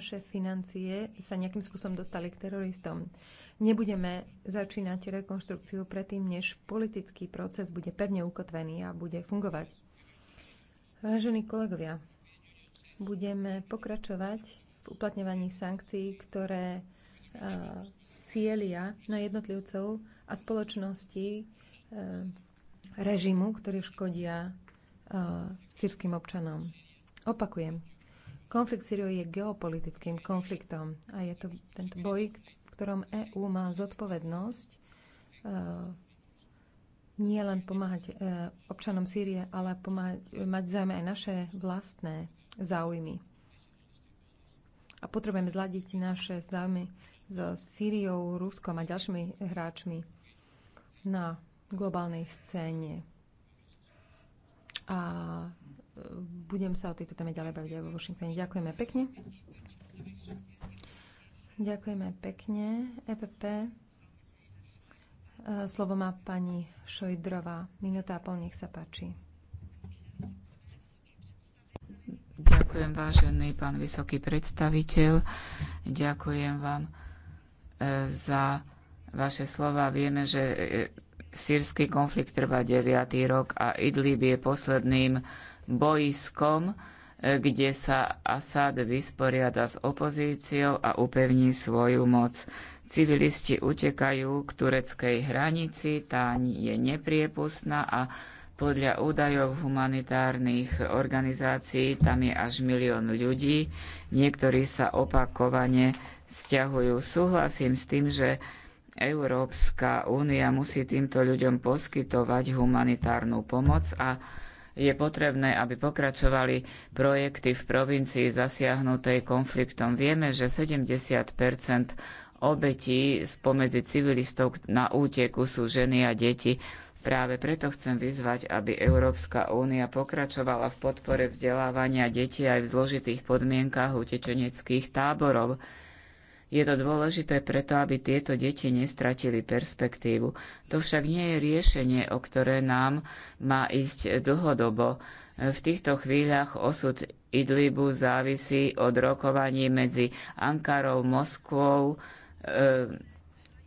naše financie sa nejakým spôsobom dostali k teroristom. Nebudeme začínať rekonštrukciu predtým, než politický proces bude pevne ukotvený a bude fungovať. Vážení kolegovia, budeme pokračovať v uplatňovaní sankcií, ktoré uh, cielia na jednotlivcov a spoločnosti uh, režimu, ktorý škodia uh, sírským občanom. Opakujem, Konflikt Syrie je geopolitickým konfliktom a je to tento boj, v ktorom EÚ má zodpovednosť uh, nie len pomáhať uh, občanom Sýrie, ale pomáhať, mať zájme aj naše vlastné záujmy. A potrebujeme zladiť naše záujmy so Sýriou, Ruskom a ďalšími hráčmi na globálnej scéne. A budem sa o tejto téme ďalej baviť aj vo Washingtone. Ďakujeme pekne. Ďakujeme pekne. EPP. E, slovo má pani Šojdrová. Minúta a pol, nech sa páči. Ďakujem, vážený pán vysoký predstaviteľ. Ďakujem vám e, za vaše slova. Vieme, že e, sírsky konflikt trvá 9. rok a Idlib je posledným bojiskom, e, kde sa Asad vysporiada s opozíciou a upevní svoju moc. Civilisti utekajú k tureckej hranici, tá je nepriepustná a podľa údajov humanitárnych organizácií tam je až milión ľudí. Niektorí sa opakovane stiahujú. Súhlasím s tým, že Európska únia musí týmto ľuďom poskytovať humanitárnu pomoc a je potrebné, aby pokračovali projekty v provincii zasiahnutej konfliktom. Vieme, že 70 obetí spomedzi civilistov na úteku sú ženy a deti. Práve preto chcem vyzvať, aby Európska únia pokračovala v podpore vzdelávania detí aj v zložitých podmienkách utečeneckých táborov. Je to dôležité preto, aby tieto deti nestratili perspektívu. To však nie je riešenie, o ktoré nám má ísť dlhodobo. V týchto chvíľach osud Idlibu závisí od rokovaní medzi Ankarou, Moskvou, e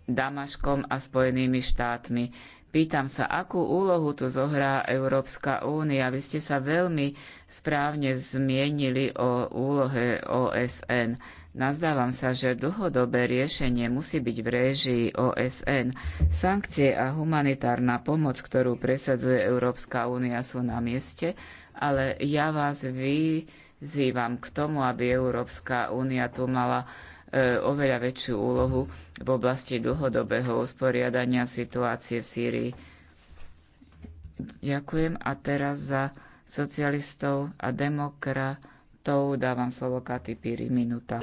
Damaškom a Spojenými štátmi. Pýtam sa, akú úlohu tu zohrá Európska únia? Vy ste sa veľmi správne zmienili o úlohe OSN. Nazdávam sa, že dlhodobé riešenie musí byť v réžii OSN. Sankcie a humanitárna pomoc, ktorú presadzuje Európska únia, sú na mieste, ale ja vás vyzývam k tomu, aby Európska únia tu mala e, oveľa väčšiu úlohu v oblasti dlhodobého usporiadania situácie v Sýrii. Ďakujem a teraz za socialistov a demokratov štátov. Dávam slovo Katy Piri, minúta.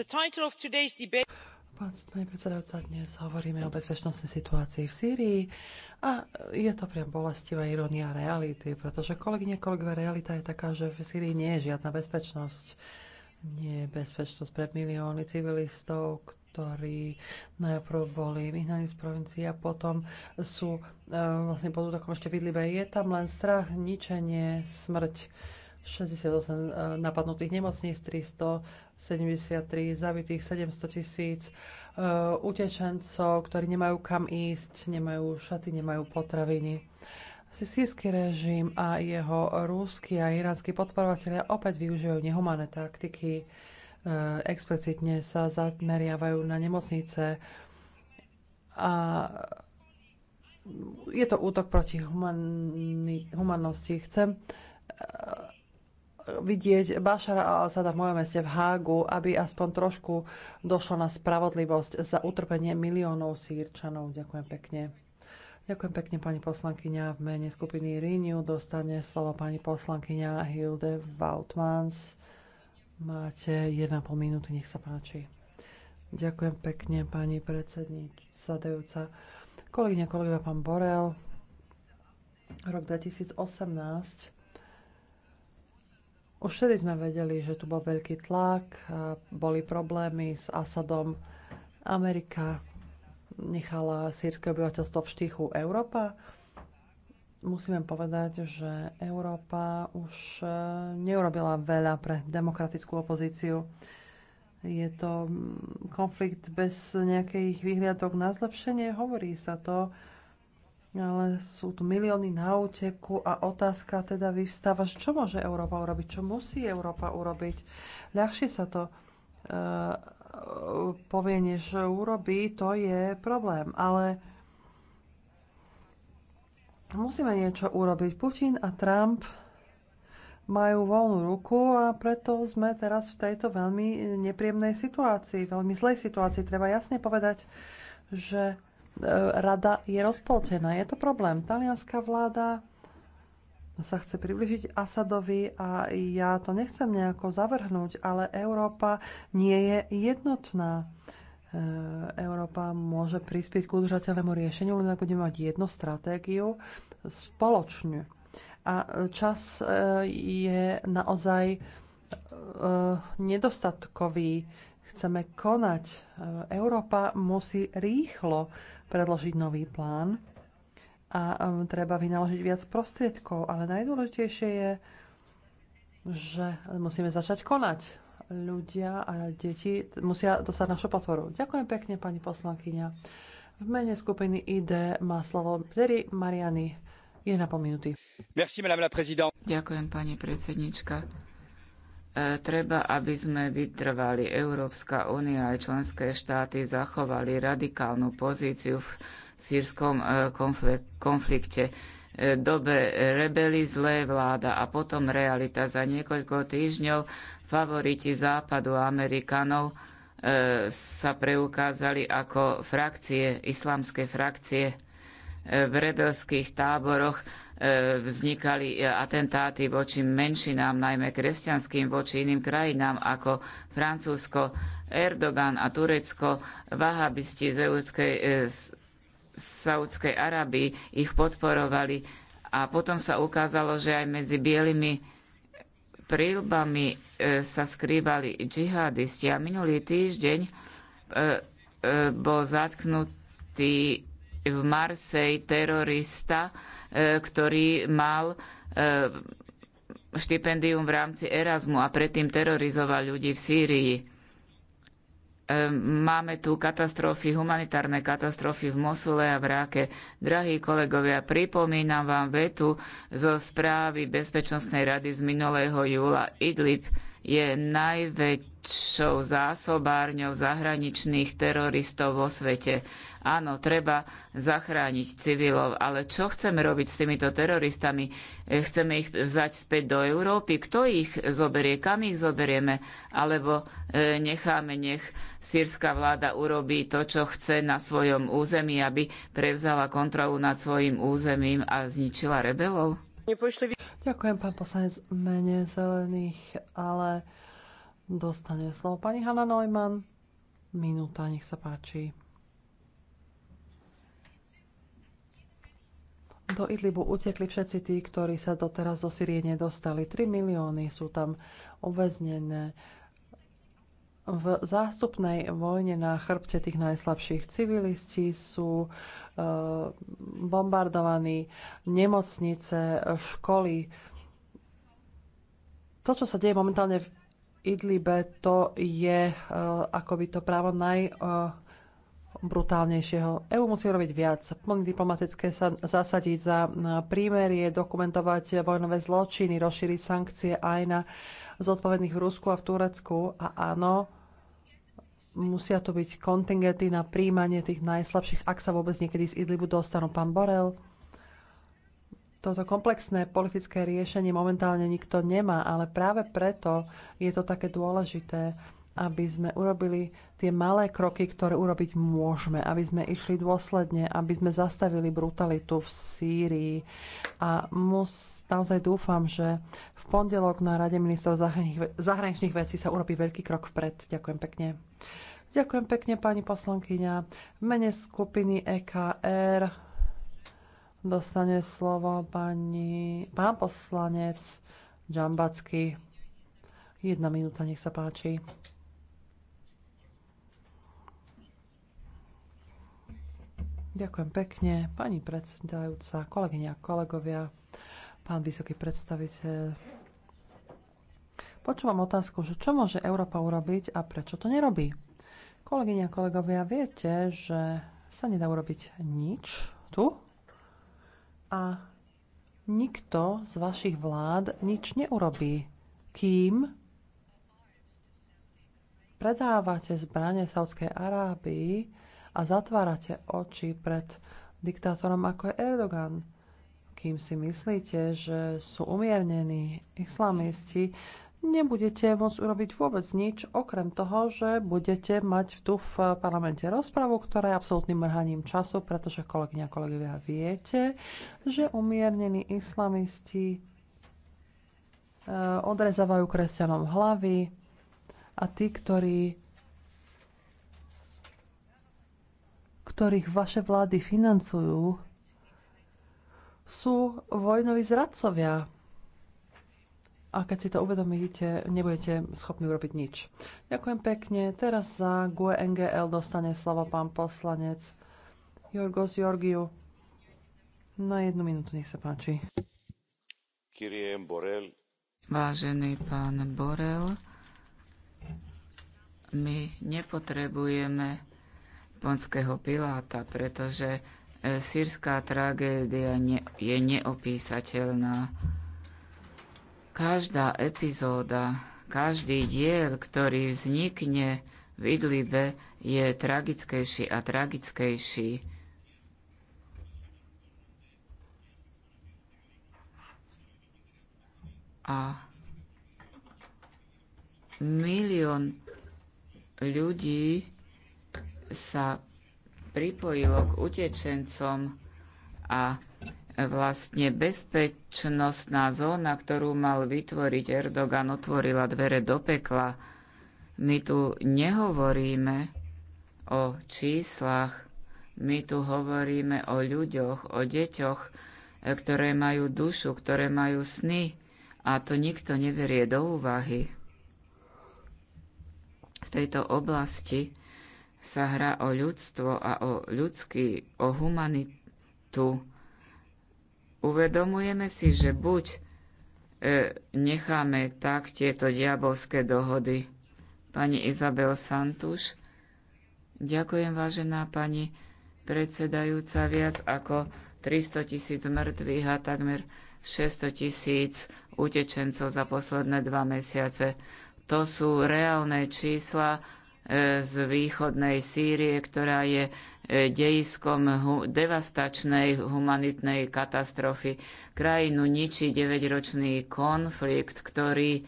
Pán predsedajúca, dnes hovoríme o bezpečnostnej situácii v Sýrii a je to priam bolestivá ironia reality, pretože kolegyne, kolegové, realita je taká, že v Sýrii nie je žiadna bezpečnosť. Nie je bezpečnosť pre milióny civilistov, ktorí najprv boli vyhnaní z provincie a potom sú e, vlastne pod útokom ešte vidlivé. Je tam len strach, ničenie, smrť 68 uh, napadnutých nemocníc, 373 zabitých, 700 tisíc uh, utečencov, ktorí nemajú kam ísť, nemajú šaty, nemajú potraviny. Sisijský režim a jeho rúsky a iránsky podporovatelia opäť využívajú nehumanné taktiky, uh, explicitne sa zameriavajú na nemocnice a je to útok proti humannosti. Chcem vidieť Bašara a asada v mojom meste v Hágu, aby aspoň trošku došlo na spravodlivosť za utrpenie miliónov sírčanov. Ďakujem pekne. Ďakujem pekne, pani poslankyňa. V mene skupiny Renew dostane slovo pani poslankyňa Hilde Vautmans. Máte 1,5 minúty, nech sa páči. Ďakujem pekne, pani predsedníca. Kolegyňa, kolega, pán Borel. Rok 2018 už vtedy sme vedeli, že tu bol veľký tlak, boli problémy s Asadom. Amerika nechala sírske obyvateľstvo v štychu Európa. Musíme povedať, že Európa už e, neurobila veľa pre demokratickú opozíciu. Je to mm, konflikt bez nejakých vyhliadok na zlepšenie. Hovorí sa to ale sú tu milióny na úteku a otázka teda vyvstáva, čo môže Európa urobiť, čo musí Európa urobiť. Ľahšie sa to uh, povie, než urobí, to je problém, ale musíme niečo urobiť. Putin a Trump majú voľnú ruku a preto sme teraz v tejto veľmi nepríjemnej situácii, veľmi zlej situácii. Treba jasne povedať, že E, rada je rozpoltená. Je to problém. Talianská vláda sa chce približiť Asadovi a ja to nechcem nejako zavrhnúť, ale Európa nie je jednotná. E, Európa môže prispieť k udržateľnému riešeniu, len ak budeme mať jednu stratégiu spoločne. A čas e, je naozaj nedostatkový. Chceme konať. Európa musí rýchlo predložiť nový plán a um, treba vynaložiť viac prostriedkov. Ale najdôležitejšie je, že musíme začať konať. Ľudia a deti musia dostať našu podporu. Ďakujem pekne, pani poslankyňa. V mene skupiny ID má slovo Pteri Mariany. Je na pominuty. Ďakujem, pani predsednička E, treba, aby sme vytrvali. Európska únia aj členské štáty zachovali radikálnu pozíciu v sírskom e, konflikte. E, dobre rebeli, zlé vláda a potom realita. Za niekoľko týždňov favoriti západu Amerikanov sa preukázali ako frakcie, islamské frakcie v rebelských táboroch vznikali e, atentáty voči menšinám, najmä kresťanským, voči iným krajinám ako Francúzsko, Erdogan a Turecko, vahabisti z, Európskej, e, Saudskej Arabii ich podporovali. A potom sa ukázalo, že aj medzi bielými prílbami e, sa skrývali džihadisti. A minulý týždeň bol zatknutý v Marseji terorista, e, ktorý mal e, štipendium v rámci Erasmu a predtým terorizoval ľudí v Sýrii. E, máme tu katastrofy, humanitárne katastrofy v Mosule a v Ráke. Drahí kolegovia, pripomínam vám vetu zo správy Bezpečnostnej rady z minulého júla. Idlib je najväčšou zásobárňou zahraničných teroristov vo svete. Áno, treba zachrániť civilov, ale čo chceme robiť s týmito teroristami? E, chceme ich vzať späť do Európy? Kto ich zoberie? Kam ich zoberieme? Alebo e, necháme, nech sírska vláda urobí to, čo chce na svojom území, aby prevzala kontrolu nad svojim územím a zničila rebelov? Ďakujem, pán poslanec, mene zelených, ale dostane slovo pani Hanna Neumann. Minúta, nech sa páči. Do Idlibu utekli všetci tí, ktorí sa doteraz do Syrie nedostali. 3 milióny sú tam uväznené v zástupnej vojne na chrbte tých najslabších civilisti sú e, bombardovaní nemocnice, školy. To, čo sa deje momentálne v Idlibe, to je e, akoby to právo naj... E, brutálnejšieho. EÚ musí robiť viac, plný diplomatické sa zasadiť za prímerie, dokumentovať vojnové zločiny, rozšíriť sankcie aj na zodpovedných v Rusku a v Turecku. A áno, musia to byť kontingenty na príjmanie tých najslabších, ak sa vôbec niekedy z Idlibu dostanú. Pán Borel, toto komplexné politické riešenie momentálne nikto nemá, ale práve preto je to také dôležité, aby sme urobili tie malé kroky, ktoré urobiť môžeme, aby sme išli dôsledne, aby sme zastavili brutalitu v Sýrii. A mus, naozaj dúfam, že v pondelok na Rade ministrov zahraničných vecí sa urobí veľký krok vpred. Ďakujem pekne. Ďakujem pekne, pani poslankyňa. V mene skupiny EKR dostane slovo pani, pán poslanec Džambacky. Jedna minúta, nech sa páči. Ďakujem pekne, pani predsedajúca, kolegyňa a kolegovia, pán vysoký predstaviteľ. Počúvam otázku, že čo môže Európa urobiť a prečo to nerobí. Kolegyňa a kolegovia, viete, že sa nedá urobiť nič tu a nikto z vašich vlád nič neurobí, kým predávate zbranie Saudskej Arábii a zatvárate oči pred diktátorom ako je Erdogan. Kým si myslíte, že sú umiernení islamisti, nebudete môcť urobiť vôbec nič, okrem toho, že budete mať tu v parlamente rozpravu, ktorá je absolútnym mrhaním času, pretože kolegyňa kolegovia viete, že umiernení islamisti e, odrezávajú kresťanom hlavy a tí, ktorí ktorých vaše vlády financujú, sú vojnoví zradcovia. A keď si to uvedomíte, nebudete schopní urobiť nič. Ďakujem pekne. Teraz za GUE NGL dostane slovo pán poslanec Jorgos Jorgiu. Na jednu minútu, nech sa páči. Vážený pán Borel, my nepotrebujeme ponského Piláta, pretože e, sírská tragédia ne, je neopísateľná. Každá epizóda, každý diel, ktorý vznikne v Idlibe, je tragickejší a tragickejší. A milión ľudí sa pripojilo k utečencom a vlastne bezpečnostná zóna, ktorú mal vytvoriť Erdogan, otvorila dvere do pekla. My tu nehovoríme o číslach, my tu hovoríme o ľuďoch, o deťoch, ktoré majú dušu, ktoré majú sny a to nikto neverie do úvahy. V tejto oblasti sa hrá o ľudstvo a o ľudský, o humanitu. Uvedomujeme si, že buď e, necháme tak tieto diabolské dohody. Pani Izabel Santuš, ďakujem vážená pani predsedajúca, viac ako 300 tisíc mŕtvych a takmer 600 tisíc utečencov za posledné dva mesiace. To sú reálne čísla, E, z východnej Sýrie, ktorá je e, dejiskom hu- devastačnej humanitnej katastrofy. Krajinu ničí 9-ročný konflikt, ktorý e,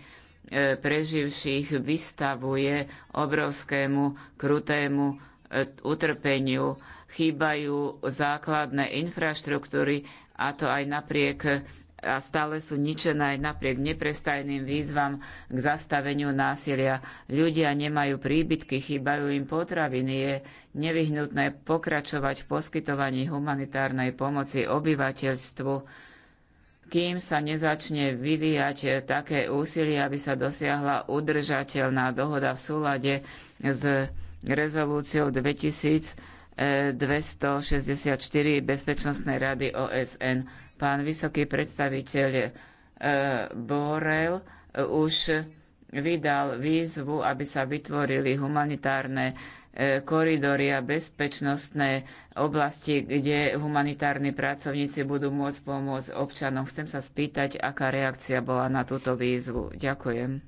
preživších vystavuje obrovskému, krutému utrpeniu. Chýbajú základné infraštruktúry, a to aj napriek a stále sú ničené aj napriek neprestajným výzvam k zastaveniu násilia. Ľudia nemajú príbytky, chýbajú im potraviny. Je nevyhnutné pokračovať v poskytovaní humanitárnej pomoci obyvateľstvu, kým sa nezačne vyvíjať také úsilie, aby sa dosiahla udržateľná dohoda v súlade s rezolúciou 2000 264 e, Bezpečnostnej rady OSN. Pán vysoký predstaviteľ e, Borel e, už vydal výzvu, aby sa vytvorili humanitárne koridory a bezpečnostné oblasti, kde humanitárni pracovníci budú môcť pomôcť občanom. Chcem sa spýtať, aká reakcia bola na túto výzvu. Ďakujem.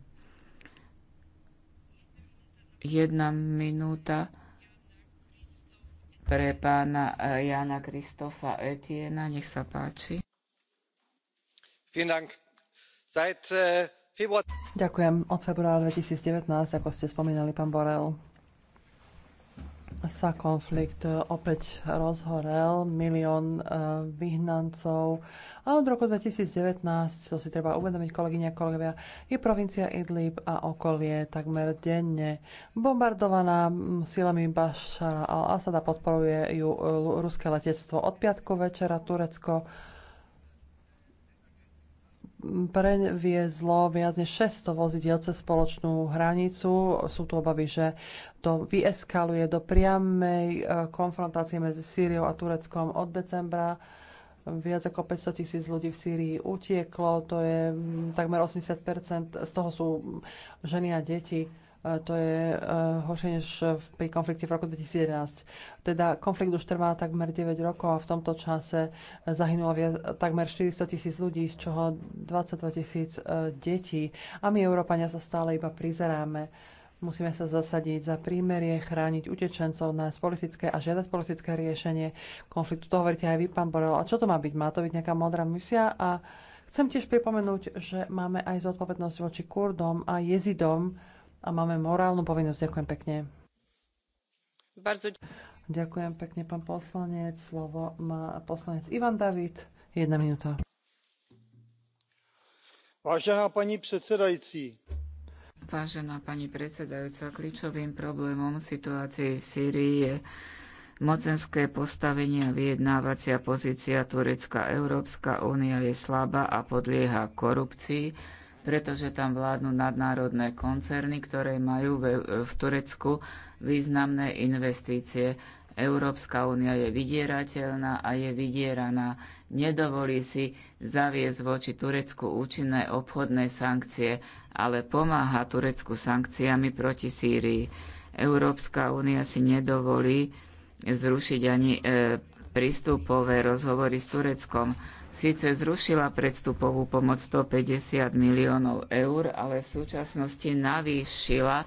Jedna minúta pre pána e, Jana Kristofa Etiena. Nech sa páči. Äh, Ďakujem. Od februára 2019, ako ste spomínali, pán Borel, sa konflikt e, opäť rozhorel, milión e, vyhnancov. A od roku 2019, to si treba uvedomiť, kolegyne a kolegovia, je provincia Idlib a okolie takmer denne bombardovaná silami Bašara al-Asada. Podporuje ju e, ruské letectvo. Od piatku večera Turecko previezlo viac než 600 vozidiel cez spoločnú hranicu. Sú tu obavy, že to vyeskaluje do priamej e, konfrontácie medzi Sýriou a Tureckom od decembra. Viac ako 500 tisíc ľudí v Sýrii utieklo, to je takmer 80 z toho sú ženy a deti to je eh, horšie než pri konflikte v roku 2011. Teda konflikt už trvá takmer 9 rokov a v tomto čase zahynulo viac, takmer 400 tisíc ľudí, z čoho 22 tisíc eh, detí. A my, Európania, sa stále iba prizeráme. Musíme sa zasadiť za prímerie, chrániť utečencov na politické a žiadať politické riešenie konfliktu. To hovoríte aj vy, pán Borel. A čo to má byť? Má to byť nejaká modrá misia? A chcem tiež pripomenúť, že máme aj zodpovednosť voči Kurdom a Jezidom, a máme morálnu povinnosť. Ďakujem pekne. Bardzo... Ďakujem pekne, pán poslanec. Slovo má poslanec Ivan David. Jedna minúta. Vážená pani predsedajúci. Vážená pani predsedajúca, kľúčovým problémom situácie v Sýrii je mocenské postavenie a vyjednávacia pozícia Turecka. Európska únia je slabá a podlieha korupcii pretože tam vládnu nadnárodné koncerny, ktoré majú v Turecku významné investície. Európska únia je vydierateľná a je vydieraná. Nedovolí si zaviesť voči Turecku účinné obchodné sankcie, ale pomáha Turecku sankciami proti Sýrii. Európska únia si nedovolí zrušiť ani e, prístupové rozhovory s Tureckom síce zrušila predstupovú pomoc 150 miliónov eur, ale v súčasnosti navýšila e,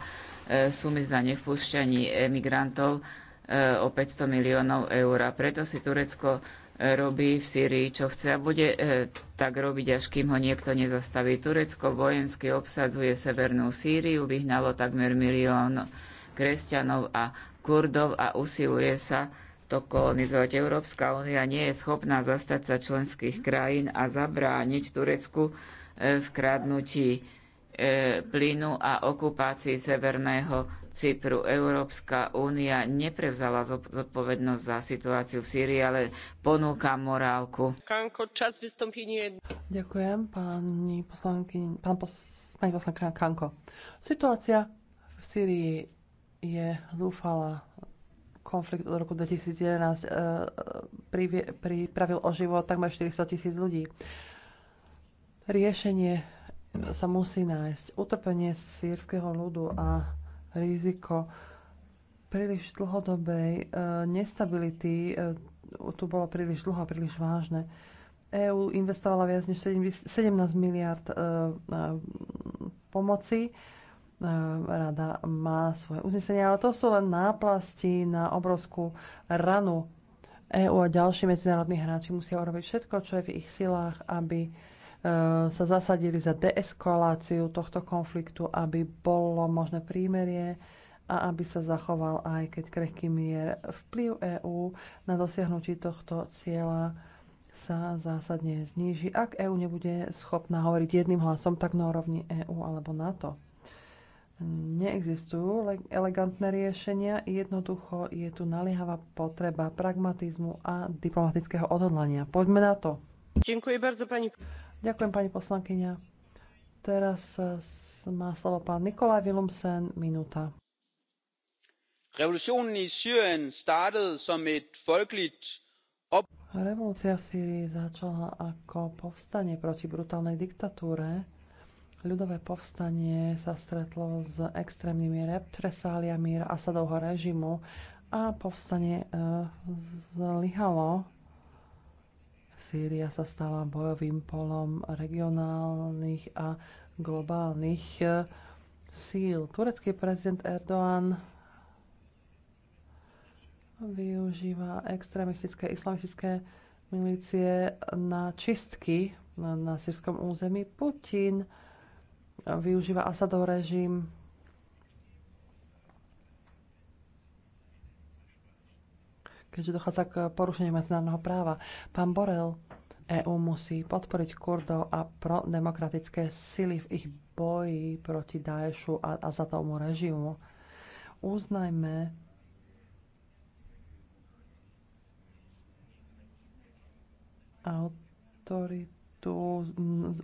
sumy za nevpúšťanie emigrantov e, o 500 miliónov eur. A preto si Turecko e, robí v Sýrii, čo chce a bude tak robiť, až kým ho niekto nezastaví. Turecko vojensky obsadzuje Severnú Sýriu, vyhnalo takmer milión kresťanov a kurdov a usiluje sa to kolonizovať. Európska únia nie je schopná zastať sa členských krajín a zabrániť Turecku e, v kradnutí e, plynu a okupácii Severného Cypru. Európska únia neprevzala zodpovednosť za situáciu v Sýrii, ale ponúka morálku. Ďakujem, pani poslanky, pán pos, pani poslanka Kanko. Situácia v Sýrii je zúfala konflikt od roku 2011 e, e, pripravil o život takmer 400 tisíc ľudí. Riešenie sa musí nájsť. Utrpenie sírskeho ľudu a riziko príliš dlhodobej e, nestability tu bolo príliš dlho a príliš vážne. EÚ investovala viac než 17 miliard pomoci E, rada má svoje uznesenie, ale to sú len náplasti na obrovskú ranu. EÚ a ďalší medzinárodní hráči musia urobiť všetko, čo je v ich silách, aby e, sa zasadili za deeskaláciu tohto konfliktu, aby bolo možné prímerie a aby sa zachoval aj keď krehký mier. Vplyv EÚ na dosiahnutí tohto cieľa sa zásadne zníži, ak EÚ nebude schopná hovoriť jedným hlasom tak na úrovni EÚ alebo NATO neexistujú elegantné riešenia, jednoducho je tu naliehavá potreba pragmatizmu a diplomatického odhodlania. Poďme na to. Ďakujem bardzo pani. Ďakujem pani poslankyňa. Teraz eh, má slovo pán Nikolaj Vilumsen, minúta. Revolúcia v Sýrii začala ako povstanie proti brutálnej diktatúre Ľudové povstanie sa stretlo s extrémnymi represáliami Asadovho režimu a povstanie e, zlyhalo. Sýria sa stala bojovým polom regionálnych a globálnych e, síl. Turecký prezident Erdoğan využíva extrémistické islamistické milície na čistky na, na sírskom území. Putin využíva Asadov režim. keďže dochádza k porušeniu medzinárodného práva. Pán Borel, EÚ musí podporiť Kurdov a prodemokratické sily v ich boji proti Daešu a Asadovmu režimu. Uznajme, autoritu,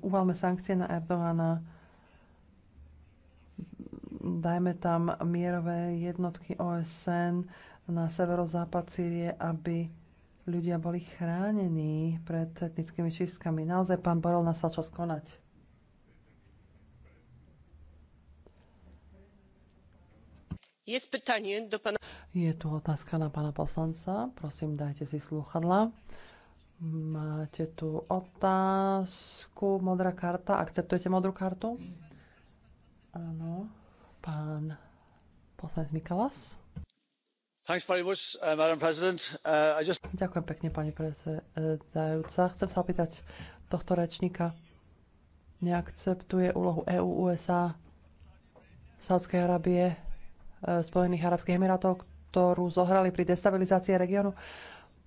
uvalme sankcie na Erdogana dajme tam mierové jednotky OSN na severozápad Sýrie, aby ľudia boli chránení pred etnickými čistkami. Naozaj pán Borel nastal čas konať. Je tu otázka na pána poslanca. Prosím, dajte si slúchadla. Máte tu otázku, modrá karta. Akceptujete modrú kartu? Áno. Pán poslanec Mikalas. Uh, uh, Ďakujem pekne, pani predsedajúca. Chcem sa opýtať tohto rečníka. Neakceptuje úlohu EÚ, USA, Saudskej Arábie, uh, Spojených Arabských Emirátov, ktorú zohrali pri destabilizácii regiónu.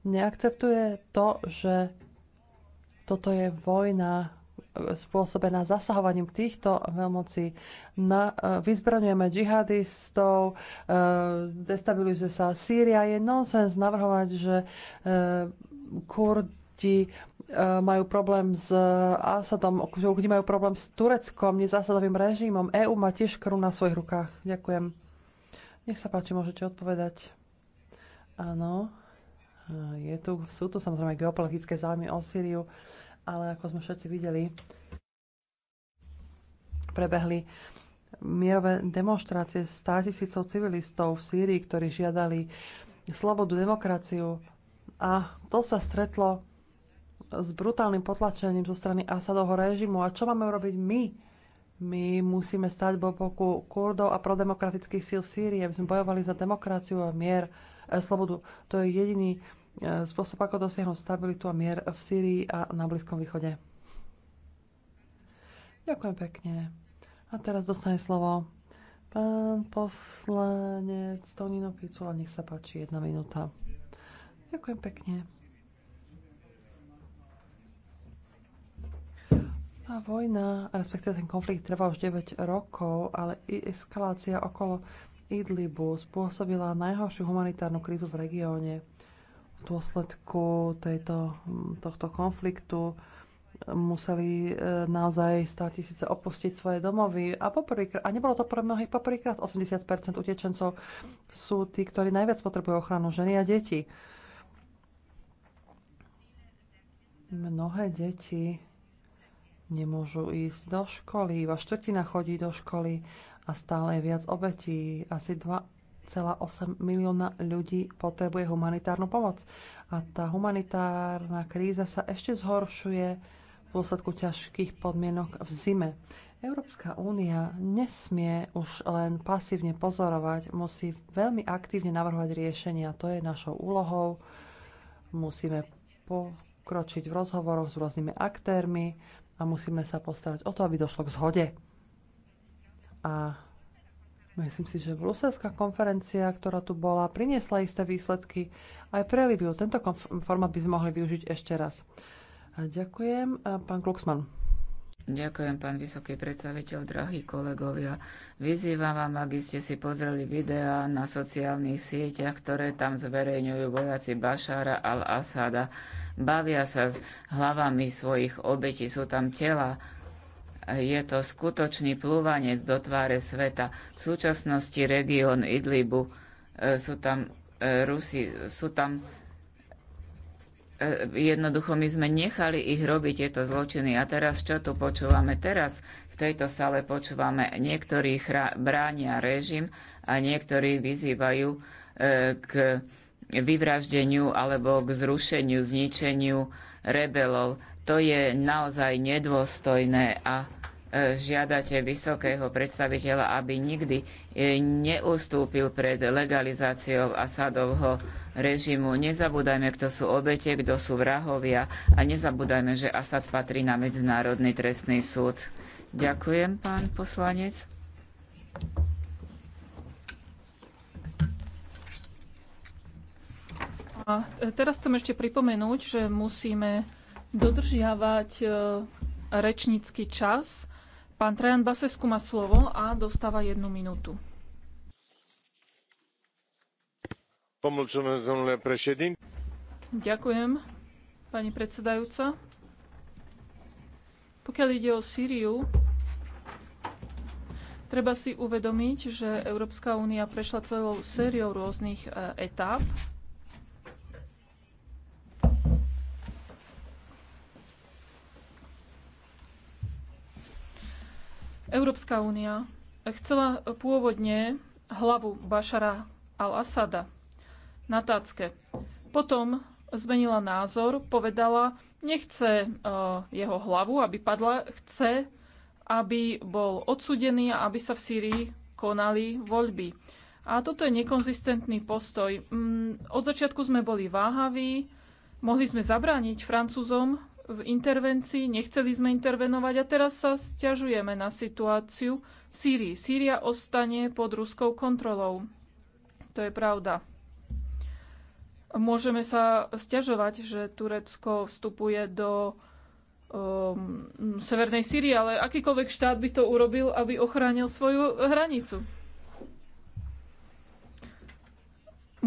Neakceptuje to, že toto je vojna spôsobená zasahovaním týchto veľmocí. Na, e, vyzbraňujeme džihadistov, e, destabilizuje sa Sýria. Je nonsens navrhovať, že e, Kurdi majú problém s Asadom, Kurdi majú problém s Tureckom, nezásadovým režimom. EÚ má tiež krú na svojich rukách. Ďakujem. Nech sa páči, môžete odpovedať. Áno. Je tu, sú tu samozrejme geopolitické záujmy o Sýriu. Uh, ale ako sme všetci videli, prebehli mierové demonstrácie s tisícov civilistov v Sýrii, ktorí žiadali slobodu, demokraciu a to sa stretlo s brutálnym potlačením zo strany Asadovho režimu. A čo máme urobiť my? My musíme stať po boku kurdov a prodemokratických síl v Sýrii, aby sme bojovali za demokraciu a mier, a e, slobodu. To je jediný spôsob, ako dosiahnuť stabilitu a mier v Sýrii a na Blízkom východe. Ďakujem pekne. A teraz dostane slovo pán poslanec Tonino Picula. Nech sa páči, jedna minúta. Ďakujem pekne. Tá vojna, respektíve ten konflikt trvá už 9 rokov, ale i eskalácia okolo Idlibu spôsobila najhoršiu humanitárnu krízu v regióne dôsledku tejto, tohto konfliktu museli e, naozaj 100 tisíce opustiť svoje domovy. A, poprvýkrát, a nebolo to pre mnohých poprvýkrát. 80% utečencov sú tí, ktorí najviac potrebujú ochranu ženy a deti. Mnohé deti nemôžu ísť do školy, iba štvrtina chodí do školy a stále je viac obetí. Asi 1,8 milióna ľudí potrebuje humanitárnu pomoc. A tá humanitárna kríza sa ešte zhoršuje v dôsledku ťažkých podmienok v zime. Európska únia nesmie už len pasívne pozorovať, musí veľmi aktívne navrhovať riešenia. To je našou úlohou. Musíme pokročiť v rozhovoroch s rôznymi aktérmi a musíme sa postarať o to, aby došlo k zhode. A Myslím si, že bruselská konferencia, ktorá tu bola, priniesla isté výsledky aj pre Libiu. Tento format by sme mohli využiť ešte raz. Ďakujem. Pán Kluxman. Ďakujem, pán vysoký predstaviteľ, drahí kolegovia. Vyzývam vám, aby ste si pozreli videá na sociálnych sieťach, ktoré tam zverejňujú vojaci Bašára al-Asada. Bavia sa s hlavami svojich obetí, sú tam tela, je to skutočný plúvanec do tváre sveta. V súčasnosti región Idlibu e, sú tam e, Rusi, sú tam e, jednoducho my sme nechali ich robiť tieto zločiny. A teraz čo tu počúvame? Teraz v tejto sale počúvame, niektorí bránia režim a niektorí vyzývajú k vyvraždeniu alebo k zrušeniu, zničeniu rebelov. To je naozaj nedôstojné a e, žiadate vysokého predstaviteľa, aby nikdy e, neustúpil pred legalizáciou Asadovho režimu. Nezabúdajme, kto sú obete, kto sú vrahovia a nezabúdajme, že Asad patrí na Medzinárodný trestný súd. Ďakujem, pán poslanec. A teraz chcem ešte pripomenúť, že musíme dodržiavať e, rečnícky čas. Pán Trajan Basesku má slovo a dostáva jednu minútu. Ďakujem, pani predsedajúca. Pokiaľ ide o Sýriu, treba si uvedomiť, že Európska únia prešla celou sériou rôznych e, etáp Európska únia chcela pôvodne hlavu Bašara al-Asada na tácke. Potom zmenila názor, povedala, nechce e, jeho hlavu, aby padla, chce, aby bol odsudený a aby sa v Sýrii konali voľby. A toto je nekonzistentný postoj. Mm, od začiatku sme boli váhaví, mohli sme zabrániť Francúzom v intervencii, nechceli sme intervenovať a teraz sa stiažujeme na situáciu v Sýrii. Sýria ostane pod ruskou kontrolou. To je pravda. Môžeme sa stiažovať, že Turecko vstupuje do um, Severnej Sýrie, ale akýkoľvek štát by to urobil, aby ochránil svoju hranicu.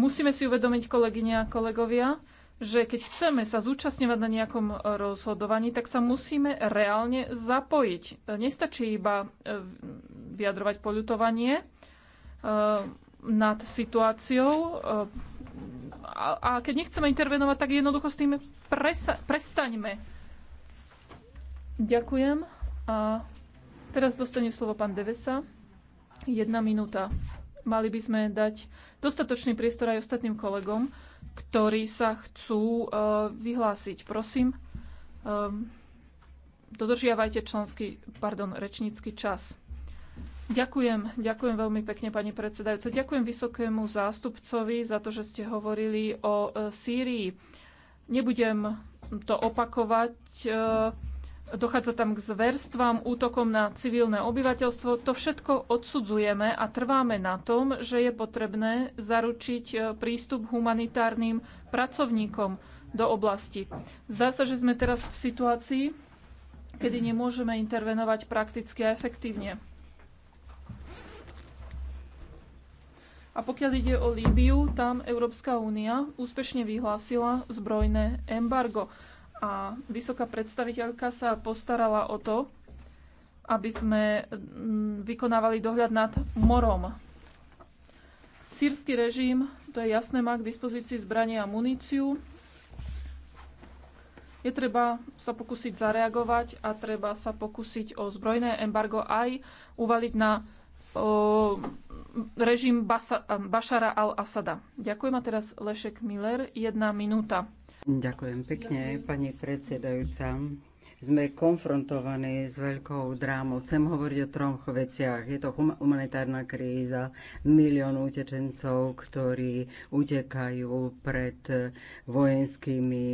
Musíme si uvedomiť, kolegyne a kolegovia, že keď chceme sa zúčastňovať na nejakom rozhodovaní, tak sa musíme reálne zapojiť. Nestačí iba e, vyjadrovať poľutovanie e, nad situáciou e, a keď nechceme intervenovať, tak jednoducho s tým prestaňme. Ďakujem. A teraz dostane slovo pán Devesa. Jedna minúta mali by sme dať dostatočný priestor aj ostatným kolegom, ktorí sa chcú e, vyhlásiť. Prosím, e, dodržiavajte členský, pardon, rečnícky čas. Ďakujem, ďakujem veľmi pekne, pani predsedajúca. Ďakujem vysokému zástupcovi za to, že ste hovorili o e, Sýrii. Nebudem to opakovať. E, Dochádza tam k zverstvám, útokom na civilné obyvateľstvo. To všetko odsudzujeme a trváme na tom, že je potrebné zaručiť e, prístup humanitárnym pracovníkom do oblasti. Zdá sa, že sme teraz v situácii, kedy nemôžeme intervenovať prakticky a efektívne. A pokiaľ ide o Líbiu, tam Európska únia úspešne vyhlásila zbrojné embargo a vysoká predstaviteľka sa postarala o to, aby sme mm, vykonávali dohľad nad morom. Sýrsky režim, to je jasné, má k dispozícii zbranie a muníciu. Je treba sa pokúsiť zareagovať a treba sa pokúsiť o zbrojné embargo aj uvaliť na o, režim Basa, Bašara al-Asada. Ďakujem a teraz Lešek Miller, jedna minúta. Ďakujem pekne, pani predsedajúca. Sme konfrontovaní s veľkou drámou. Chcem hovoriť o troch veciach. Je to humanitárna kríza, milión utečencov, ktorí utekajú pred vojenskými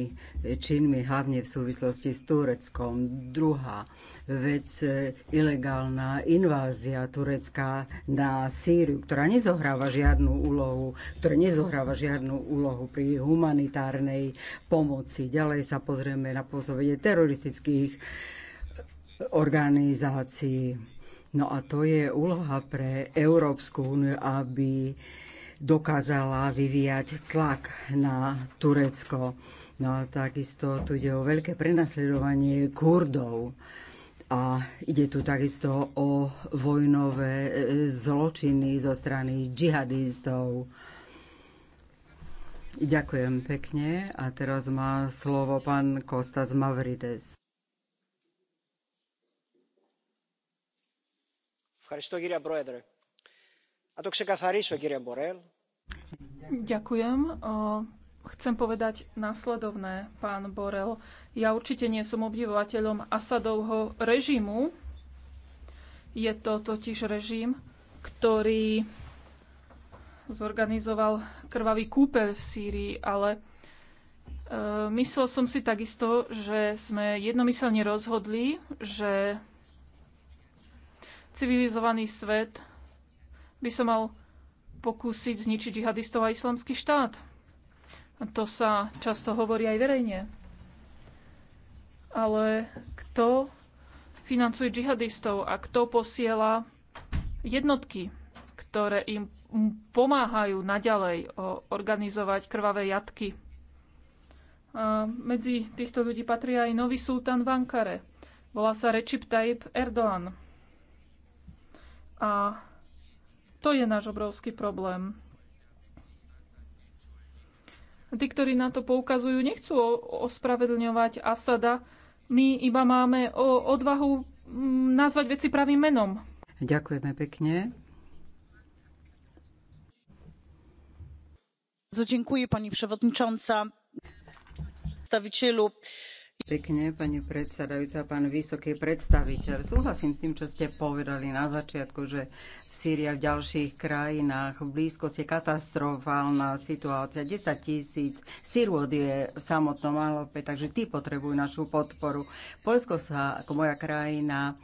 činmi, hlavne v súvislosti s Tureckom. Druhá vec e, ilegálna invázia turecká na Sýriu, ktorá nezohráva žiadnu úlohu, ktorá nezohráva žiadnu úlohu pri humanitárnej pomoci. Ďalej sa pozrieme na pôsobenie teroristických organizácií. No a to je úloha pre Európsku úniu, aby dokázala vyvíjať tlak na Turecko. No a takisto tu ide o veľké prenasledovanie Kurdov. A ide tu takisto o vojnové e, zločiny zo strany džihadistov. Ďakujem pekne. A teraz má slovo pán Kostas Mavrides. Ďakujem chcem povedať následovné, pán Borel. Ja určite nie som obdivovateľom Asadovho režimu. Je to totiž režim, ktorý zorganizoval krvavý kúpeľ v Sýrii, ale e, myslel som si takisto, že sme jednomyselne rozhodli, že civilizovaný svet by sa mal pokúsiť zničiť džihadistov a islamský štát. To sa často hovorí aj verejne. Ale kto financuje džihadistov a kto posiela jednotky, ktoré im pomáhajú naďalej organizovať krvavé jatky. A medzi týchto ľudí patrí aj nový sultán v Ankare. Volá sa Recep Tayyip Erdoğan. A to je náš obrovský problém. Tí, ktorí na to poukazujú, nechcú ospravedlňovať Asada. My iba máme odvahu mm, nazvať veci pravým menom. Ďakujeme pekne. Ďakujem pani przewodnicząca, przedstawicielu Pekne, pani predsedajúca, pán vysoký predstaviteľ. Súhlasím s tým, čo ste povedali na začiatku, že v Sýrii a v ďalších krajinách v blízkosti je katastrofálna situácia. 10 tisíc sírôd je v samotnom Alope, takže tí potrebujú našu podporu. Polsko sa, ako moja krajina,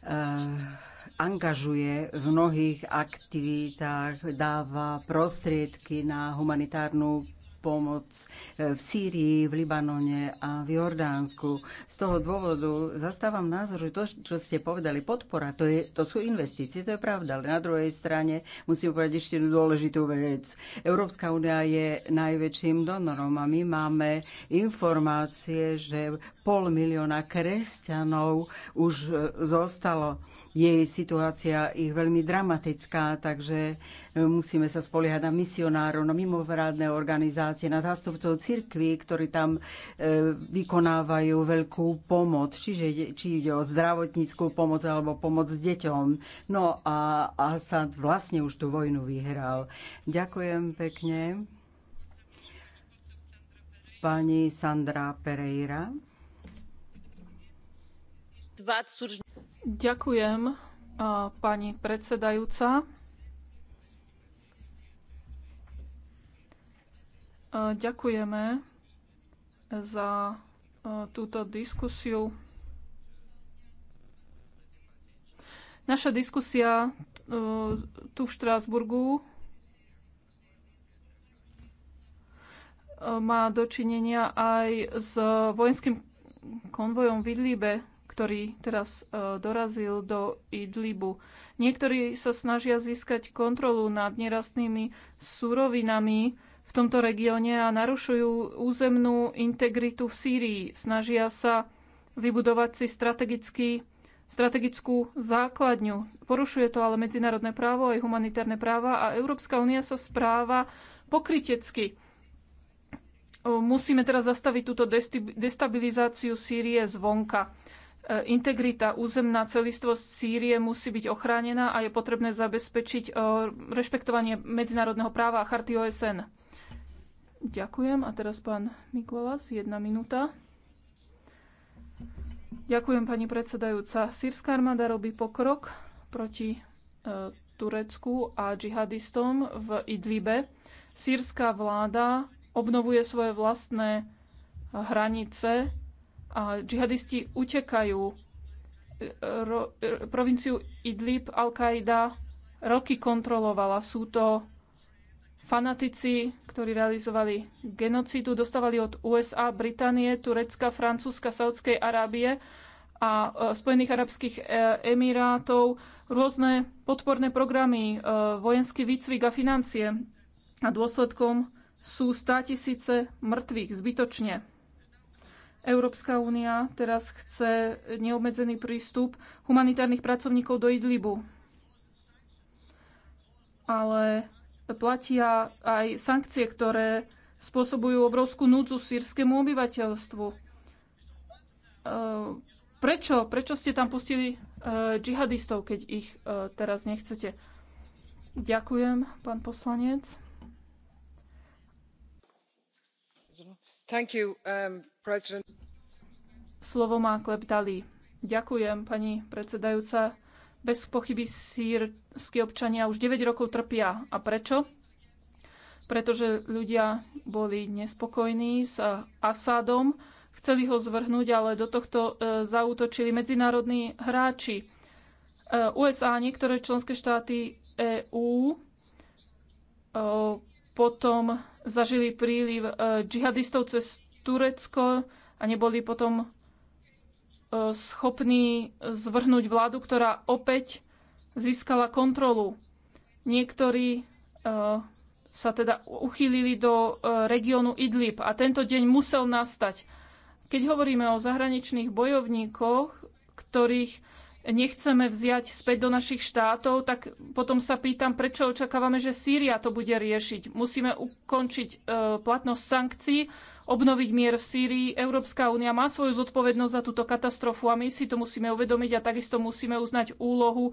eh, angažuje v mnohých aktivitách, dáva prostriedky na humanitárnu pomoc e, v Sýrii, v Libanone a v Jordánsku. Z toho dôvodu zastávam názor, že to, čo ste povedali, podpora, to, je, to sú investície, to je pravda. Ale na druhej strane musím povedať ešte jednu dôležitú vec. Európska únia je najväčším donorom a my máme informácie, že pol milióna kresťanov už e, zostalo je situácia ich veľmi dramatická, takže e, musíme sa spoliehať na misionárov, na mimovrádne organizácie, na zástupcov cirkví, ktorí tam e, vykonávajú veľkú pomoc, čiže či ide o zdravotníckú pomoc alebo pomoc deťom. No a Asad vlastne už tú vojnu vyhral. Ďakujem pekne. Pani Sandra Pereira. Ďakujem, pani predsedajúca. Ďakujeme za túto diskusiu. Naša diskusia tu v Štrásburgu má dočinenia aj s vojenským konvojom v ktorý teraz e, dorazil do Idlibu. Niektorí sa snažia získať kontrolu nad nerastnými surovinami v tomto regióne a narušujú územnú integritu v Sýrii. Snažia sa vybudovať si strategický strategickú základňu. Porušuje to ale medzinárodné právo aj humanitárne práva a Európska únia sa správa pokrytecky. Musíme teraz zastaviť túto destabilizáciu Sýrie zvonka. E, integrita územná celistvosť Sýrie musí byť ochránená a je potrebné zabezpečiť e, rešpektovanie medzinárodného práva a charty OSN. Ďakujem. A teraz pán Mikolas, jedna minúta. Ďakujem, pani predsedajúca. Sýrska armáda robí pokrok proti e, Turecku a džihadistom v Idlibe. Sýrska vláda obnovuje svoje vlastné hranice Džihadisti utekajú. Ro, provinciu Idlib Al-Qaida roky kontrolovala. Sú to fanatici, ktorí realizovali genocídu, dostávali od USA, Británie, Turecka, Francúzska, Saudskej Arábie a e, Spojených arabských e, emirátov rôzne podporné programy, e, vojenský výcvik a financie. A dôsledkom sú 100 tisíce mŕtvych zbytočne. Európska únia teraz chce neobmedzený prístup humanitárnych pracovníkov do Idlibu. Ale platia aj sankcie, ktoré spôsobujú obrovskú núdzu sírskému obyvateľstvu. E, prečo? Prečo ste tam pustili e, džihadistov, keď ich e, teraz nechcete? Ďakujem, pán poslanec. Um, Slovo má Klep Dali. Ďakujem, pani predsedajúca. Bez pochyby sírsky občania už 9 rokov trpia. A prečo? Pretože ľudia boli nespokojní s eh, Asádom, chceli ho zvrhnúť, ale do tohto e, eh, zautočili medzinárodní hráči. E, eh, USA niektoré členské štáty EÚ potom zažili príliv e, džihadistov cez Turecko a neboli potom e, schopní zvrhnúť vládu, ktorá opäť získala kontrolu. Niektorí e, sa teda uchýlili do regiónu Idlib a tento deň musel nastať. Keď hovoríme o zahraničných bojovníkoch, ktorých nechceme vziať späť do našich štátov, tak potom sa pýtam, prečo očakávame, že Sýria to bude riešiť. Musíme ukončiť e, platnosť sankcií, obnoviť mier v Sýrii. Európska únia má svoju zodpovednosť za túto katastrofu a my si to musíme uvedomiť a takisto musíme uznať úlohu e,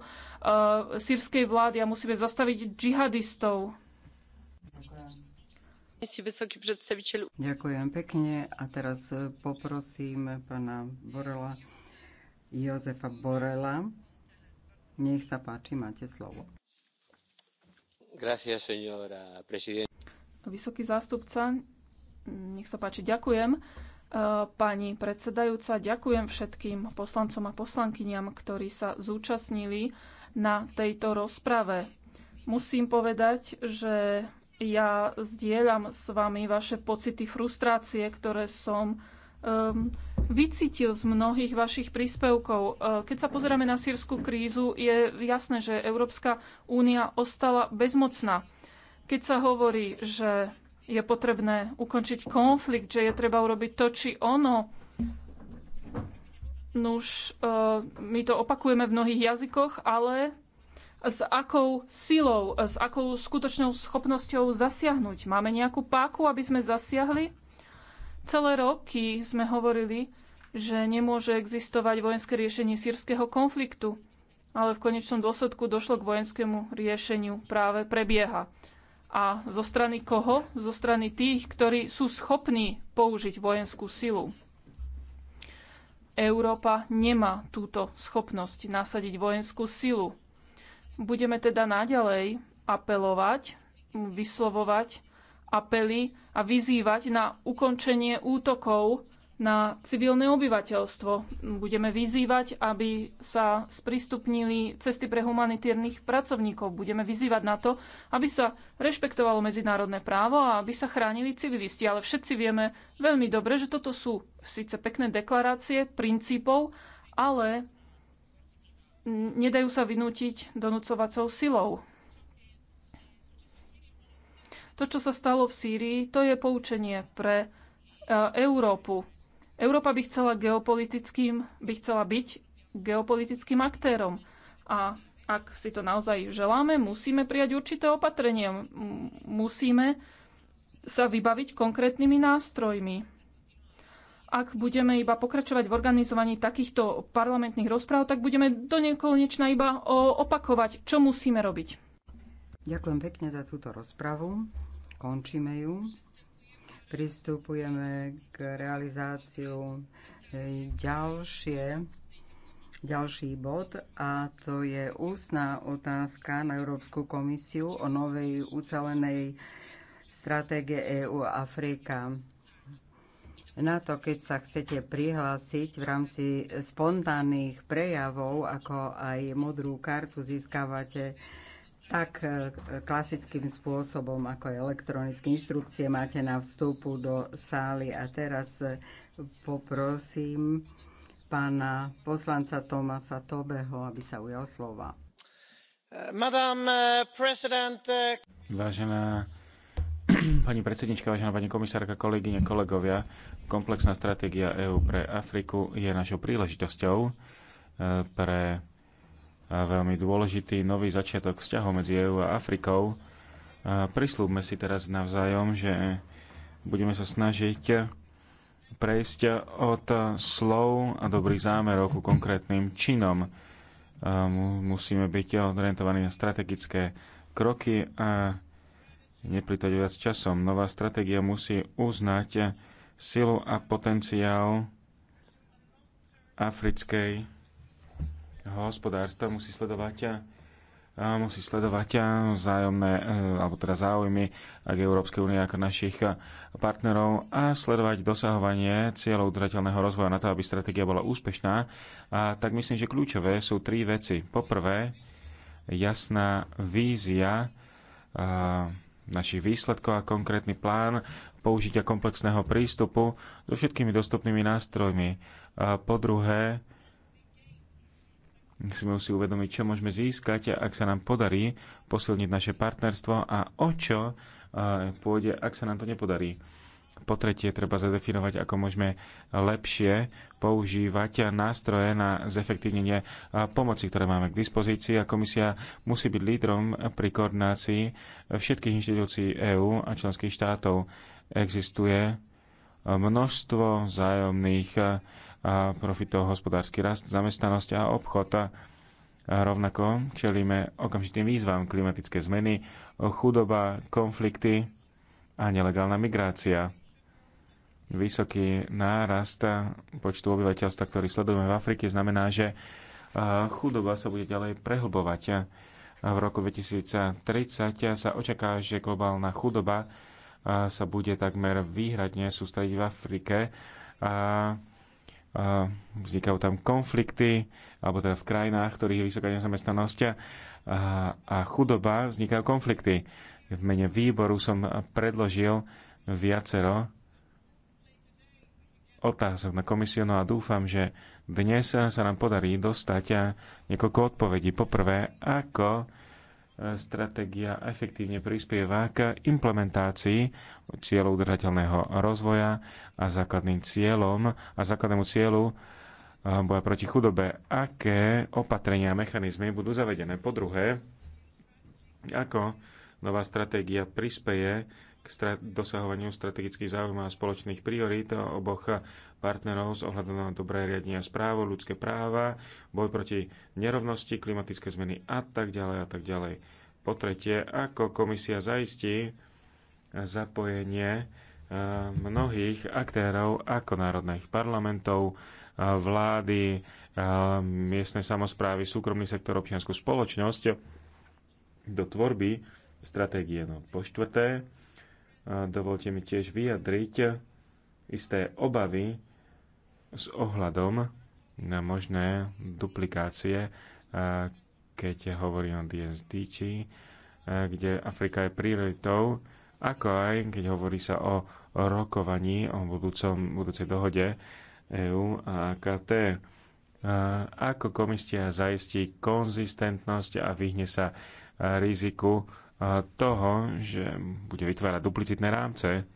sírskej vlády a musíme zastaviť džihadistov. Ďakujem pekne a teraz poprosím pána Borela Jozefa Borela. Nech sa páči, máte slovo. Gracias, señora Vysoký zástupca, nech sa páči, ďakujem. E, pani predsedajúca, ďakujem všetkým poslancom a poslankyniam, ktorí sa zúčastnili na tejto rozprave. Musím povedať, že ja zdieľam s vami vaše pocity frustrácie, ktoré som um, vycítil z mnohých vašich príspevkov. E, keď sa pozeráme na sírskú krízu, je jasné, že Európska únia ostala bezmocná. Keď sa hovorí, že je potrebné ukončiť konflikt, že je treba urobiť to či ono, nuž, e, my to opakujeme v mnohých jazykoch, ale s akou silou, s akou skutočnou schopnosťou zasiahnuť? Máme nejakú páku, aby sme zasiahli? Celé roky sme hovorili, že nemôže existovať vojenské riešenie sírskeho konfliktu, ale v konečnom dôsledku došlo k vojenskému riešeniu, práve prebieha. A zo strany koho? Zo strany tých, ktorí sú schopní použiť vojenskú silu. Európa nemá túto schopnosť nasadiť vojenskú silu. Budeme teda naďalej apelovať, vyslovovať apely a vyzývať na ukončenie útokov na civilné obyvateľstvo. Budeme vyzývať, aby sa sprístupnili cesty pre humanitárnych pracovníkov. Budeme vyzývať na to, aby sa rešpektovalo medzinárodné právo a aby sa chránili civilisti. Ale všetci vieme veľmi dobre, že toto sú síce pekné deklarácie princípov, ale nedajú sa vynútiť donúcovacou silou. To, čo sa stalo v Sýrii, to je poučenie pre e, Európu. Európa by chcela, geopolitickým, by chcela byť geopolitickým aktérom. A ak si to naozaj želáme, musíme prijať určité opatrenia. Musíme sa vybaviť konkrétnymi nástrojmi ak budeme iba pokračovať v organizovaní takýchto parlamentných rozpráv, tak budeme do nekonečna iba opakovať, čo musíme robiť. Ďakujem pekne za túto rozpravu. Končíme ju. Pristupujeme k realizáciu e, ďalšie, ďalší bod a to je ústná otázka na Európsku komisiu o novej ucelenej stratégie EU Afrika. Na to, keď sa chcete prihlásiť v rámci spontánnych prejavov, ako aj modrú kartu, získavate tak e, klasickým spôsobom, ako je elektronické inštrukcie máte na vstupu do sály. A teraz e, poprosím pána poslanca Tomasa Tobeho, aby sa ujal slova. E, vážená pani predsednička, vážená pani komisárka, kolegyne, kolegovia, komplexná stratégia EÚ pre Afriku je našou príležitosťou pre a veľmi dôležitý nový začiatok vzťahov medzi EU a Afrikou. Prislúbme si teraz navzájom, že budeme sa snažiť prejsť od slov a dobrých zámerov ku konkrétnym činom. Musíme byť orientovaní na strategické kroky a neplýtať viac časom. Nová stratégia musí uznať silu a potenciál africkej hospodárstva musí sledovať musí sledovať vzájomné, e, alebo teda záujmy ak Európskej únie ako našich e, partnerov a sledovať dosahovanie cieľov udržateľného rozvoja na to, aby stratégia bola úspešná. A tak myslím, že kľúčové sú tri veci. Poprvé, jasná vízia e, našich výsledkov a konkrétny plán použitia komplexného prístupu so všetkými dostupnými nástrojmi. A po druhé, musíme si uvedomiť, čo môžeme získať, ak sa nám podarí posilniť naše partnerstvo a o čo e, pôjde, ak sa nám to nepodarí. Po tretie, treba zadefinovať, ako môžeme lepšie používať nástroje na zefektívnenie e, pomoci, ktoré máme k dispozícii a komisia musí byť lídrom pri koordinácii všetkých inštitúcií EÚ a členských štátov. Existuje e, množstvo vzájomných profitov, hospodársky rast, zamestnanosť a obchod. A rovnako čelíme okamžitým výzvam klimatické zmeny, chudoba, konflikty a nelegálna migrácia. Vysoký nárast počtu obyvateľstva, ktorý sledujeme v Afrike, znamená, že chudoba sa bude ďalej prehlbovať. V roku 2030 sa očaká, že globálna chudoba sa bude takmer výhradne sústrediť v Afrike a vznikajú tam konflikty, alebo teda v krajinách, ktorých je vysoká nezamestnanosť a chudoba, vznikajú konflikty. V mene výboru som predložil viacero otázok na komisiu, no a dúfam, že dnes sa nám podarí dostať niekoľko odpovedí. Poprvé, ako stratégia efektívne prispieva k implementácii cieľov udržateľného rozvoja a základným cieľom a základnému cieľu eh, boja proti chudobe. Aké opatrenia a mechanizmy budú zavedené? Po druhé, ako nová stratégia prispeje k dosahovaniu strategických záujmov a spoločných priorít oboch partnerov s ohľadom na dobré riadenie a ľudské práva, boj proti nerovnosti, klimatické zmeny a tak ďalej a tak ďalej. Po tretie, ako komisia zaistí zapojenie eh, mnohých aktérov ako národných parlamentov, eh, vlády, eh, miestnej samozprávy, súkromný sektor, občianskú spoločnosť do tvorby stratégie. No po štvrté, dovolte mi tiež vyjadriť isté obavy s ohľadom na možné duplikácie, keď hovorím o DSDG, kde Afrika je prioritou, ako aj keď hovorí sa o rokovaní o budúcom, budúcej dohode EU a AKT. Ako komisia zaistí konzistentnosť a vyhne sa riziku toho, že bude vytvárať duplicitné rámce.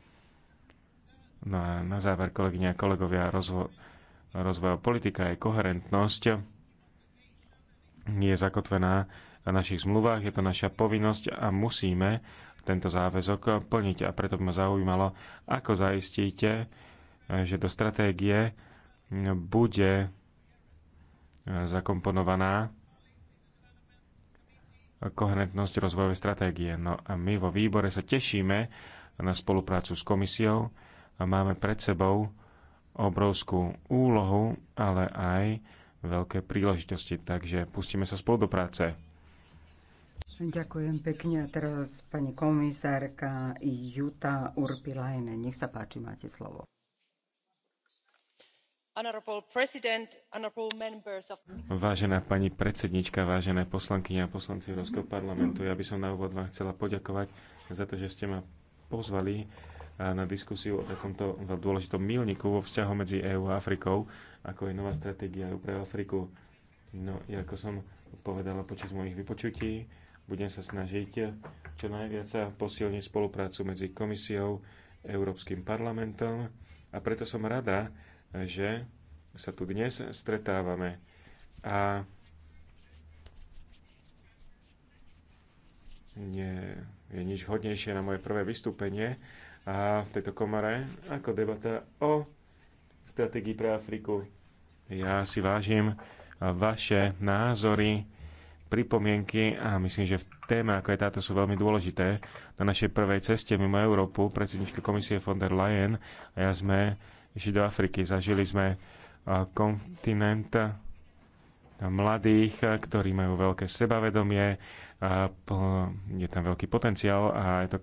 No a na záver, kolegyne a kolegovia, rozvo- rozvojová politika je koherentnosť je zakotvená v našich zmluvách, je to naša povinnosť a musíme tento záväzok plniť. A preto by ma zaujímalo, ako zaistíte, že do stratégie bude zakomponovaná koherentnosť rozvojovej stratégie. No a my vo výbore sa tešíme na spoluprácu s komisiou a máme pred sebou obrovskú úlohu, ale aj veľké príležitosti, takže pustíme sa spolu do práce. Ďakujem pekne. A teraz pani komisárka Juta Urpilajne. Nech sa páči, máte slovo. Vážená pani predsednička, vážené poslankyne a poslanci Európskeho parlamentu, ja by som na úvod vám chcela poďakovať za to, že ste ma pozvali na diskusiu o takomto dôležitom milníku vo vzťahu medzi EÚ a Afrikou, ako je nová stratégia EU pre Afriku. No, ako som povedala počas mojich vypočutí, budem sa snažiť čo najviac sa posilniť spoluprácu medzi komisiou, Európskym parlamentom a preto som rada, že sa tu dnes stretávame. A nie je nič hodnejšie na moje prvé vystúpenie a v tejto komore ako debata o stratégii pre Afriku. Ja si vážim vaše názory, pripomienky a myslím, že v téme ako je táto sú veľmi dôležité. Na našej prvej ceste mimo Európu predsednička komisie von der Leyen a ja sme že do Afriky. Zažili sme e, kontinent e, mladých, e, ktorí majú veľké sebavedomie, a je tam veľký potenciál a je to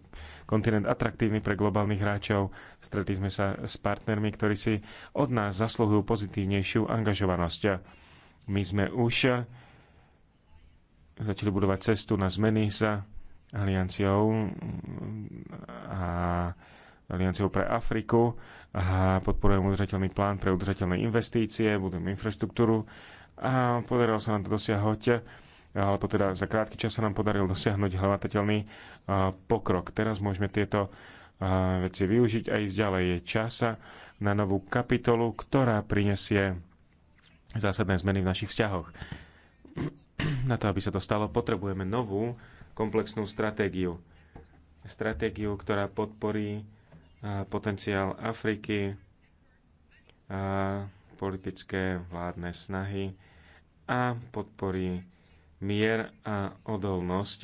kontinent atraktívny pre globálnych hráčov. Stretli sme sa s partnermi, ktorí si od nás zasluhujú pozitívnejšiu angažovanosť. My sme už začali budovať cestu na zmeny s alianciou a Alianciou pre Afriku a podporujem udržateľný plán pre udržateľné investície, budujem infraštruktúru a podarilo sa nám to dosiahnuť alebo teda za krátky čas sa nám podaril dosiahnuť hľadateľný pokrok. Teraz môžeme tieto veci využiť a ísť ďalej. Je čas na novú kapitolu, ktorá prinesie zásadné zmeny v našich vzťahoch. Na to, aby sa to stalo, potrebujeme novú komplexnú stratégiu. Stratégiu, ktorá podporí potenciál Afriky, politické vládne snahy a podporí mier a odolnosť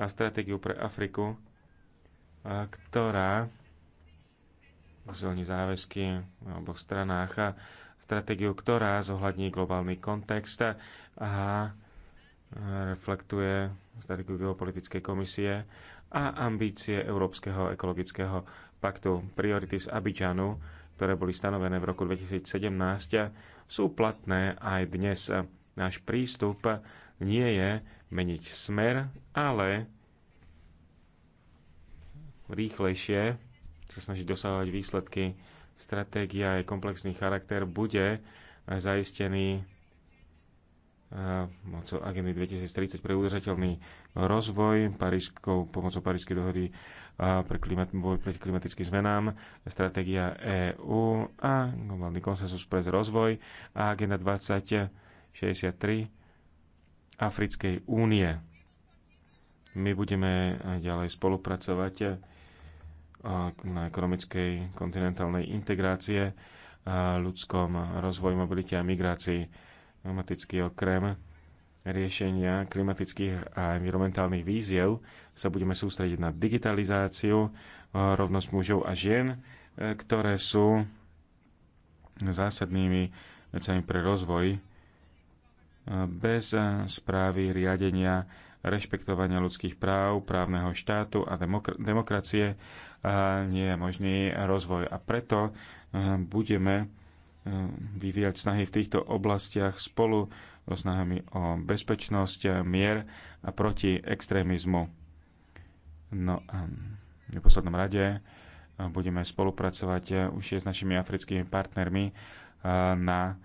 a stratégiu pre Afriku, ktorá posilní záväzky na oboch stranách a stratégiu, ktorá zohľadní globálny kontext a reflektuje stratégiu geopolitickej komisie a ambície Európskeho ekologického paktu. Priority z Abidžanu, ktoré boli stanovené v roku 2017, sú platné aj dnes. Náš prístup nie je meniť smer, ale rýchlejšie sa snažiť dosahovať výsledky. Stratégia aj komplexný charakter bude zaistený eh, mocou agendy 2030 pre udržateľný rozvoj parískou, pomocou parískej dohody pre klimat, boj proti klimatickým zmenám, stratégia EÚ a globálny konsensus pre rozvoj a agenda 2063 Africkej únie. My budeme ďalej spolupracovať na ekonomickej kontinentálnej integrácie, ľudskom rozvoji, mobilite a migrácii. Dramatický okrem riešenia klimatických a environmentálnych víziev sa budeme sústrediť na digitalizáciu, eh, rovnosť mužov a žien, eh, ktoré sú zásadnými vecami pre rozvoj eh, bez správy riadenia rešpektovania ľudských práv, právneho štátu a demokra- demokracie nie je možný rozvoj. A preto budeme vyvíjať snahy v týchto oblastiach spolu so snahami o bezpečnosť, mier a proti extrémizmu. No a v neposlednom rade budeme spolupracovať už je s našimi africkými partnermi na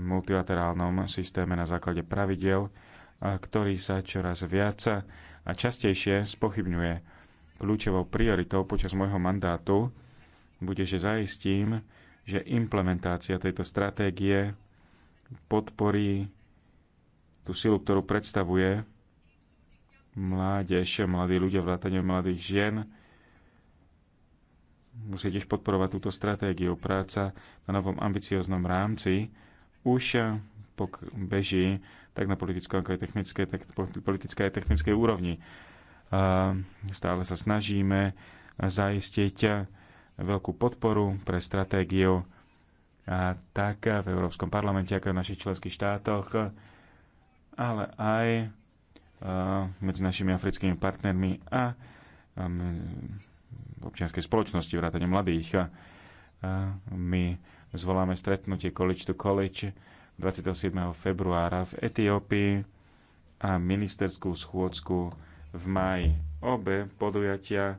multilaterálnom systéme na základe pravidel, ktorý sa čoraz viac a častejšie spochybňuje. Kľúčovou prioritou počas môjho mandátu bude, že zaistím, že implementácia tejto stratégie podporí tú silu, ktorú predstavuje mládež, mladí ľudia, vrátane mladých žien. Musí tiež podporovať túto stratégiu. Práca na novom ambicioznom rámci už pok beží tak na politickej, ako aj technickej, tak politickej aj technickej úrovni. Stále sa snažíme zaistiť veľkú podporu pre stratégiu a tak v Európskom parlamente, ako v našich členských štátoch, ale aj e, medzi našimi africkými partnermi a v občianskej spoločnosti, vrátane mladých. My zvoláme stretnutie College to College 27. februára v Etiópii a ministerskú schôdzku v maji. Obe podujatia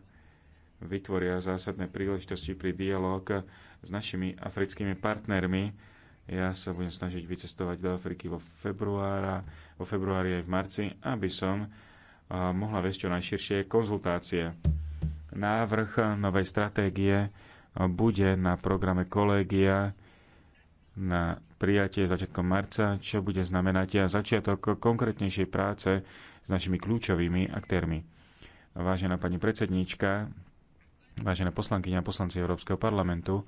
vytvoria zásadné príležitosti pri dialog s našimi africkými partnermi. Ja sa budem snažiť vycestovať do Afriky vo, februára, vo februári aj v marci, aby som mohla viesť čo najširšie konzultácie. Návrh novej stratégie bude na programe kolégia na prijatie začiatkom marca, čo bude znamenať začiatok konkrétnejšej práce s našimi kľúčovými aktérmi. Vážená pani predsedníčka, Vážené poslankyne a poslanci Európskeho parlamentu,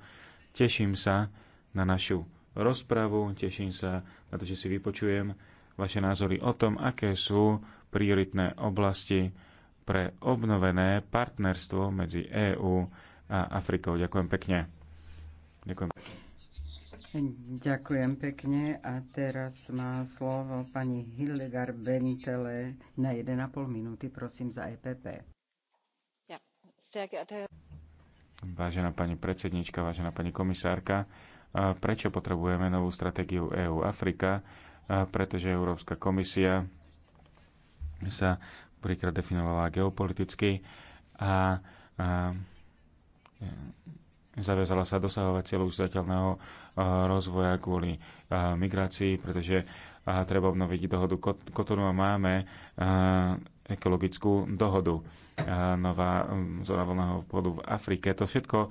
teším sa na našu rozpravu, teším sa na to, že si vypočujem vaše názory o tom, aké sú prioritné oblasti pre obnovené partnerstvo medzi EÚ a Afrikou. Ďakujem pekne. Ďakujem pekne. Ďakujem pekne a teraz má slovo pani Hildegard Bentele na 1,5 minúty, prosím, za EPP. Vážená pani predsednička, vážená pani komisárka, prečo potrebujeme novú stratégiu EU-Afrika? Pretože Európska komisia sa prvýkrát definovala geopoliticky a, zaviazala sa dosahovať cieľu udržateľného rozvoja kvôli migrácii, pretože treba obnoviť dohodu Kotonu a máme ekologickú dohodu nová mm, zóna voľného obchodu v Afrike. To všetko e,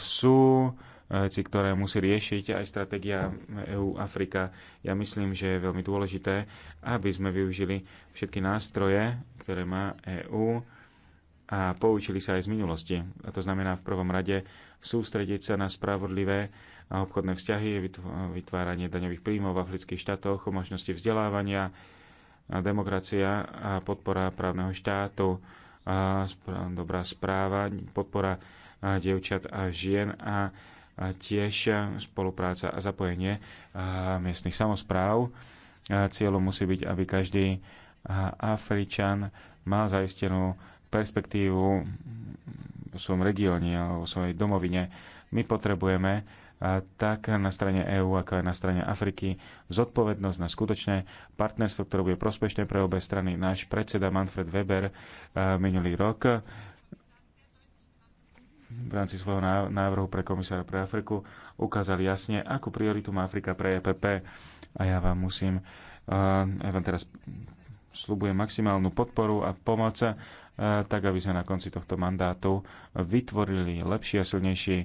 sú veci, ktoré musí riešiť aj stratégia EU Afrika. Ja myslím, že je veľmi dôležité, aby sme využili všetky nástroje, ktoré má EÚ a poučili sa aj z minulosti. A to znamená v prvom rade sústrediť sa na spravodlivé a obchodné vzťahy, vytváranie daňových príjmov v afrických štátoch, možnosti vzdelávania, demokracia a podpora právneho štátu dobrá správa, podpora dievčat a žien a tiež spolupráca a zapojenie miestnych samozpráv. Cieľom musí byť, aby každý Afričan mal zaistenú perspektívu v svojom regióne alebo v svojej domovine. My potrebujeme tak na strane EÚ, ako aj na strane Afriky, zodpovednosť na skutočné partnerstvo, ktoré bude prospešné pre obe strany. Náš predseda Manfred Weber eh, minulý rok v rámci svojho návrhu pre komisára pre Afriku ukázal jasne, akú prioritu má Afrika pre EPP. A ja vám musím, eh, ja vám teraz slubujem maximálnu podporu a pomoc, eh, tak aby sme na konci tohto mandátu vytvorili lepší a silnejší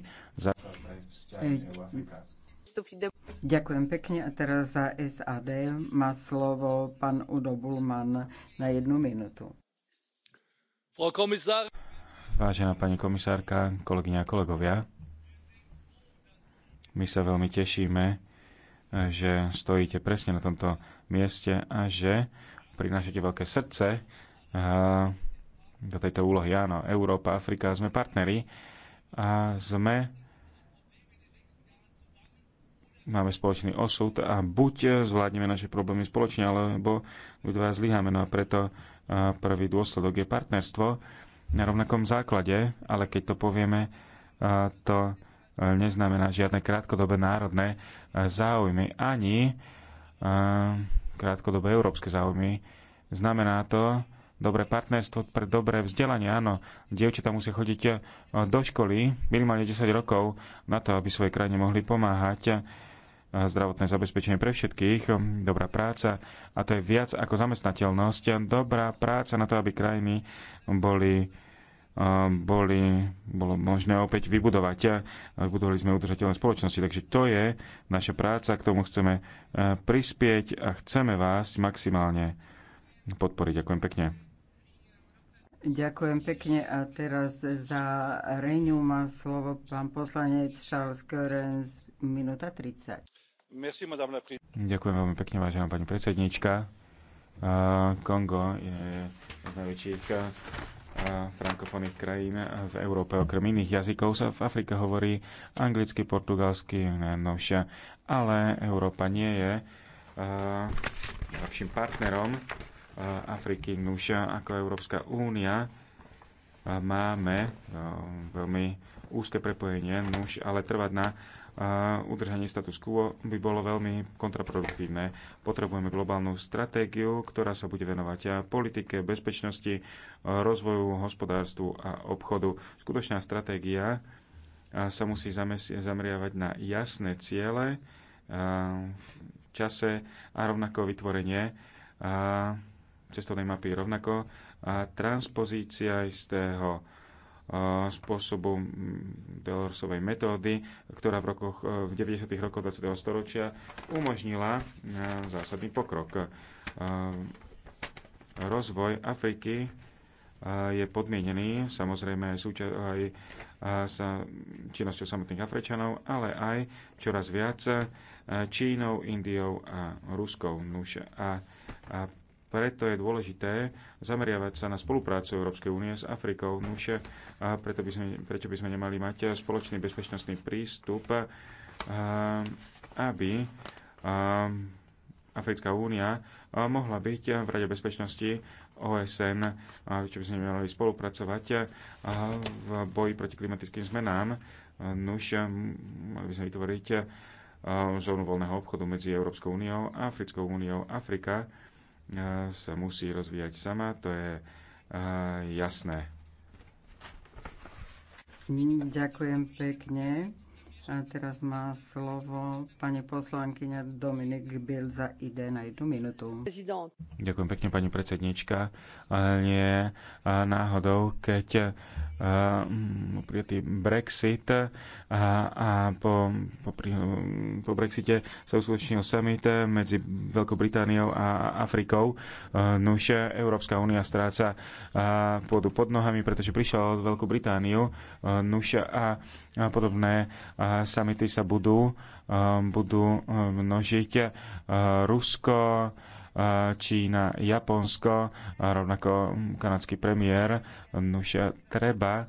Ďakujem pekne a teraz za SAD má slovo pán Udo Bulman na jednu minútu. Vážená pani komisárka, kolegyňa a kolegovia, my sa veľmi tešíme, že stojíte presne na tomto mieste a že prinášate veľké srdce do tejto úlohy. Áno, Európa, Afrika, sme partneri a sme máme spoločný osud a buď zvládneme naše problémy spoločne, alebo dva zlyháme. No a preto prvý dôsledok je partnerstvo na rovnakom základe, ale keď to povieme, to e, neznamená žiadne krátkodobé národné e, záujmy ani e, krátkodobé európske záujmy. Znamená to dobré partnerstvo pre dobré vzdelanie. Áno, dievčatá musia chodiť do školy minimálne 10 rokov na to, aby svojej krajine mohli pomáhať zdravotné zabezpečenie pre všetkých, dobrá práca a to je viac ako zamestnateľnosť, dobrá práca na to, aby krajiny boli um, boli, bolo možné opäť vybudovať. Vybudovali sme udržateľné spoločnosti, takže to je naša práca, k tomu chceme eh, prispieť a chceme vás maximálne podporiť. Ďakujem pekne. Ďakujem pekne a teraz za Reňu má slovo pán poslanec Charles Görens, minúta 30. Ďakujem veľmi pekne, vážená pani predsednička. Kongo je z najväčších frankofónnych krajín v Európe. Okrem iných jazykov sa v Afrike hovorí anglicky, portugalsky, najnovšia, ale Európa nie je lepším partnerom Afriky. Nuša ako Európska únia máme no, veľmi úzke prepojenie, nuž, ale trvať na a udržanie status quo by bolo veľmi kontraproduktívne. Potrebujeme globálnu stratégiu, ktorá sa bude venovať politike, bezpečnosti, rozvoju, hospodárstvu a obchodu. Skutočná stratégia sa musí zameriavať na jasné ciele v čase a rovnako vytvorenie cestovnej mapy rovnako a transpozícia istého spôsobu Delorsovej mm, metódy, ktorá v, rokoch, e, v 90. rokoch 20. storočia umožnila e, zásadný pokrok. E, rozvoj Afriky je podmienený samozrejme aj, súča- aj sa činnosťou samotných Afričanov, ale aj čoraz viac Čínou, Indiou a Ruskou. Nuž a, a preto je dôležité zameriavať sa na spoluprácu Európskej únie s Afrikou. Nuž, a preto by sme, prečo by sme nemali mať spoločný bezpečnostný prístup, aby Africká únia mohla byť v Rade bezpečnosti OSN, čo by sme mali spolupracovať v boji proti klimatickým zmenám. Nuž, mali by sme vytvoriť zónu voľného obchodu medzi Európskou úniou a Africkou úniou. Afrika sa musí rozvíjať sama, to je jasné. Ďakujem pekne. A teraz má slovo pani poslankyňa Dominik Biel za ide na jednu minútu. Ďakujem pekne, pani predsednička. Nie náhodou, keď mm, prijatý Brexit a, a po, po, po Brexite sa uskutočnil summit medzi Veľkou Britániou a Afrikou. Nuž Európska únia stráca pôdu pod nohami, pretože prišla od Veľkú Britániu. Nuž a podobné eh, samity sa budú, eh, budú eh, množiť. Rusko, Čína, Japonsko, a rovnako hm, kanadský premiér, hm, už treba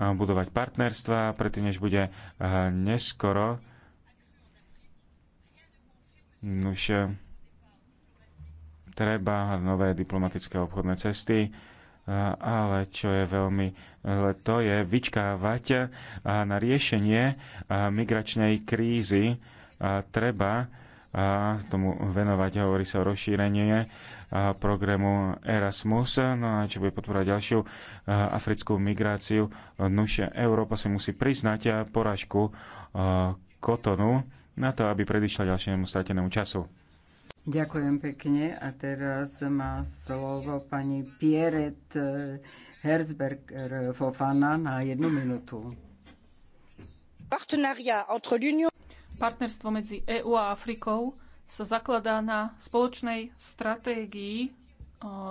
budovať partnerstva, predtým než bude neskoro. Hm, už treba nové diplomatické obchodné cesty ale čo je veľmi, e, to je vyčkávať e, na riešenie e, migračnej krízy. Treba tomu venovať, hovorí sa o rozšírenie programu Erasmus, no a čo bude podporovať ďalšiu africkú migráciu. Nušia Európa si musí priznať poražku Kotonu na to, aby predišla ďalšiemu stratenému času. Ďakujem pekne a teraz má slovo pani Pieret eh, Herzberger eh, Fofana na jednu minútu. Partnerstvo medzi EÚ a Afrikou sa zakladá na spoločnej stratégii, eh,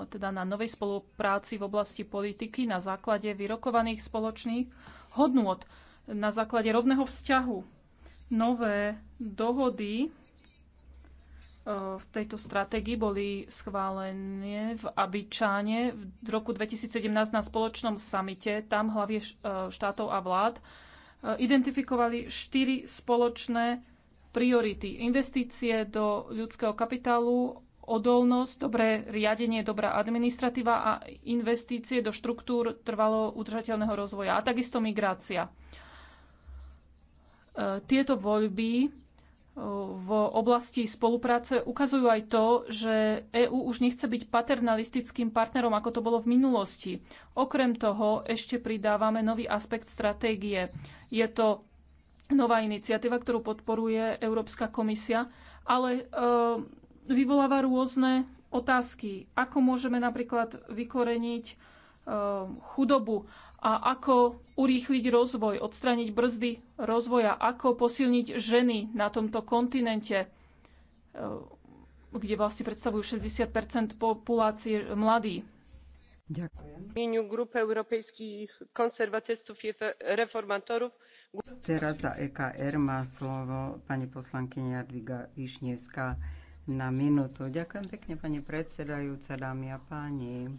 teda na novej spolupráci v oblasti politiky na základe vyrokovaných spoločných hodnôt, na základe rovného vzťahu. Nové dohody E, v tejto stratégii boli schválené v Abičáne v roku 2017 na spoločnom samite. Tam hlavie e, štátov a vlád e, identifikovali štyri spoločné priority. Investície do ľudského kapitálu, odolnosť, dobré riadenie, dobrá administratíva a investície do štruktúr trvalo udržateľného rozvoja a takisto migrácia. Tieto voľby v oblasti spolupráce ukazujú aj to, že EÚ už nechce byť paternalistickým partnerom, ako to bolo v minulosti. Okrem toho ešte pridávame nový aspekt stratégie. Je to nová iniciatíva, ktorú podporuje Európska komisia, ale e, vyvoláva rôzne otázky. Ako môžeme napríklad vykoreniť e, chudobu? a ako urýchliť rozvoj, odstraniť brzdy rozvoja, ako posilniť ženy na tomto kontinente, e, kde vlastne predstavujú 60 populácie mladí. Ďakujem. W Grupy Europejskich Konserwatystów a reformátorov. Teraz za EKR má slovo pani poslankyňa Jadviga Višnievská na minútu. Ďakujem pekne, pani predsedajúca, dámy a páni.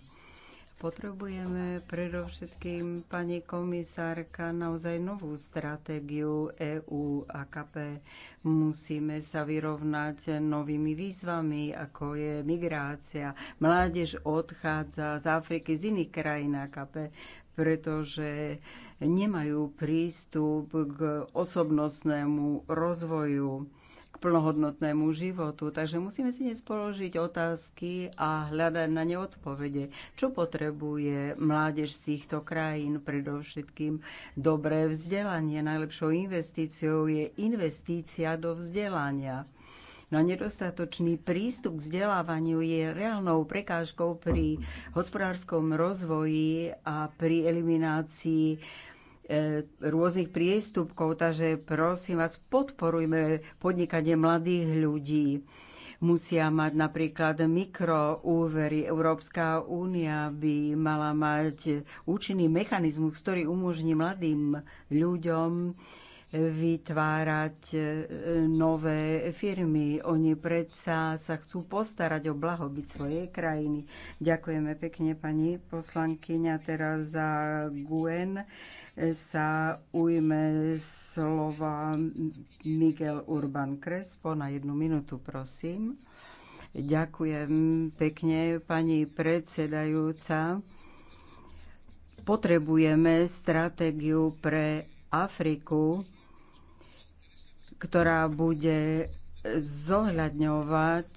Potrebujeme predovšetkým, pani komisárka, naozaj novú stratégiu EÚ a KP. Musíme sa vyrovnať novými výzvami, ako je migrácia. Mládež odchádza z Afriky, z iných krajín AKP, pretože nemajú prístup k osobnostnému rozvoju k plnohodnotnému životu. Takže musíme si nespoložiť otázky a hľadať na ne odpovede. Čo potrebuje mládež z týchto krajín? Predovšetkým dobré vzdelanie. Najlepšou investíciou je investícia do vzdelania. No nedostatočný prístup k vzdelávaniu je reálnou prekážkou pri hospodárskom rozvoji a pri eliminácii E, rôznych priestupkov, takže prosím vás, podporujme podnikanie mladých ľudí. Musia mať napríklad mikroúvery. Európska únia by mala mať účinný mechanizmus, ktorý umožní mladým ľuďom vytvárať e, nové firmy. Oni predsa sa chcú postarať o blahobyt svojej krajiny. Ďakujeme pekne pani poslankyňa teraz za Guen sa ujme slova Miguel Urban Crespo na jednu minútu, prosím. Ďakujem pekne, pani predsedajúca. Potrebujeme stratégiu pre Afriku, ktorá bude zohľadňovať,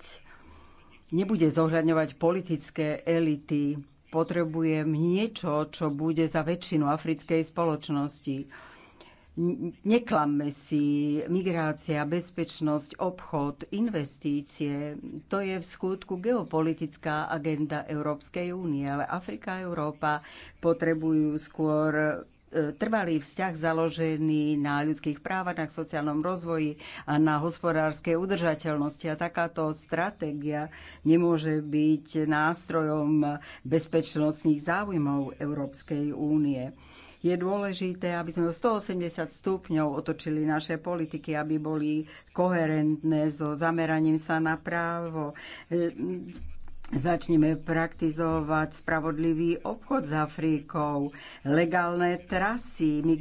nebude zohľadňovať politické elity potrebujem niečo, čo bude za väčšinu africkej spoločnosti. Neklamme si, migrácia, bezpečnosť, obchod, investície, to je v skutku geopolitická agenda Európskej únie, ale Afrika a Európa potrebujú skôr trvalý vzťah založený na ľudských právach, na sociálnom rozvoji a na hospodárskej udržateľnosti. A takáto stratégia nemôže byť nástrojom bezpečnostných záujmov Európskej únie je dôležité, aby sme o 180 stupňov otočili naše politiky, aby boli koherentné so zameraním sa na právo. Začneme praktizovať spravodlivý obchod s Afrikou, legálne trasy,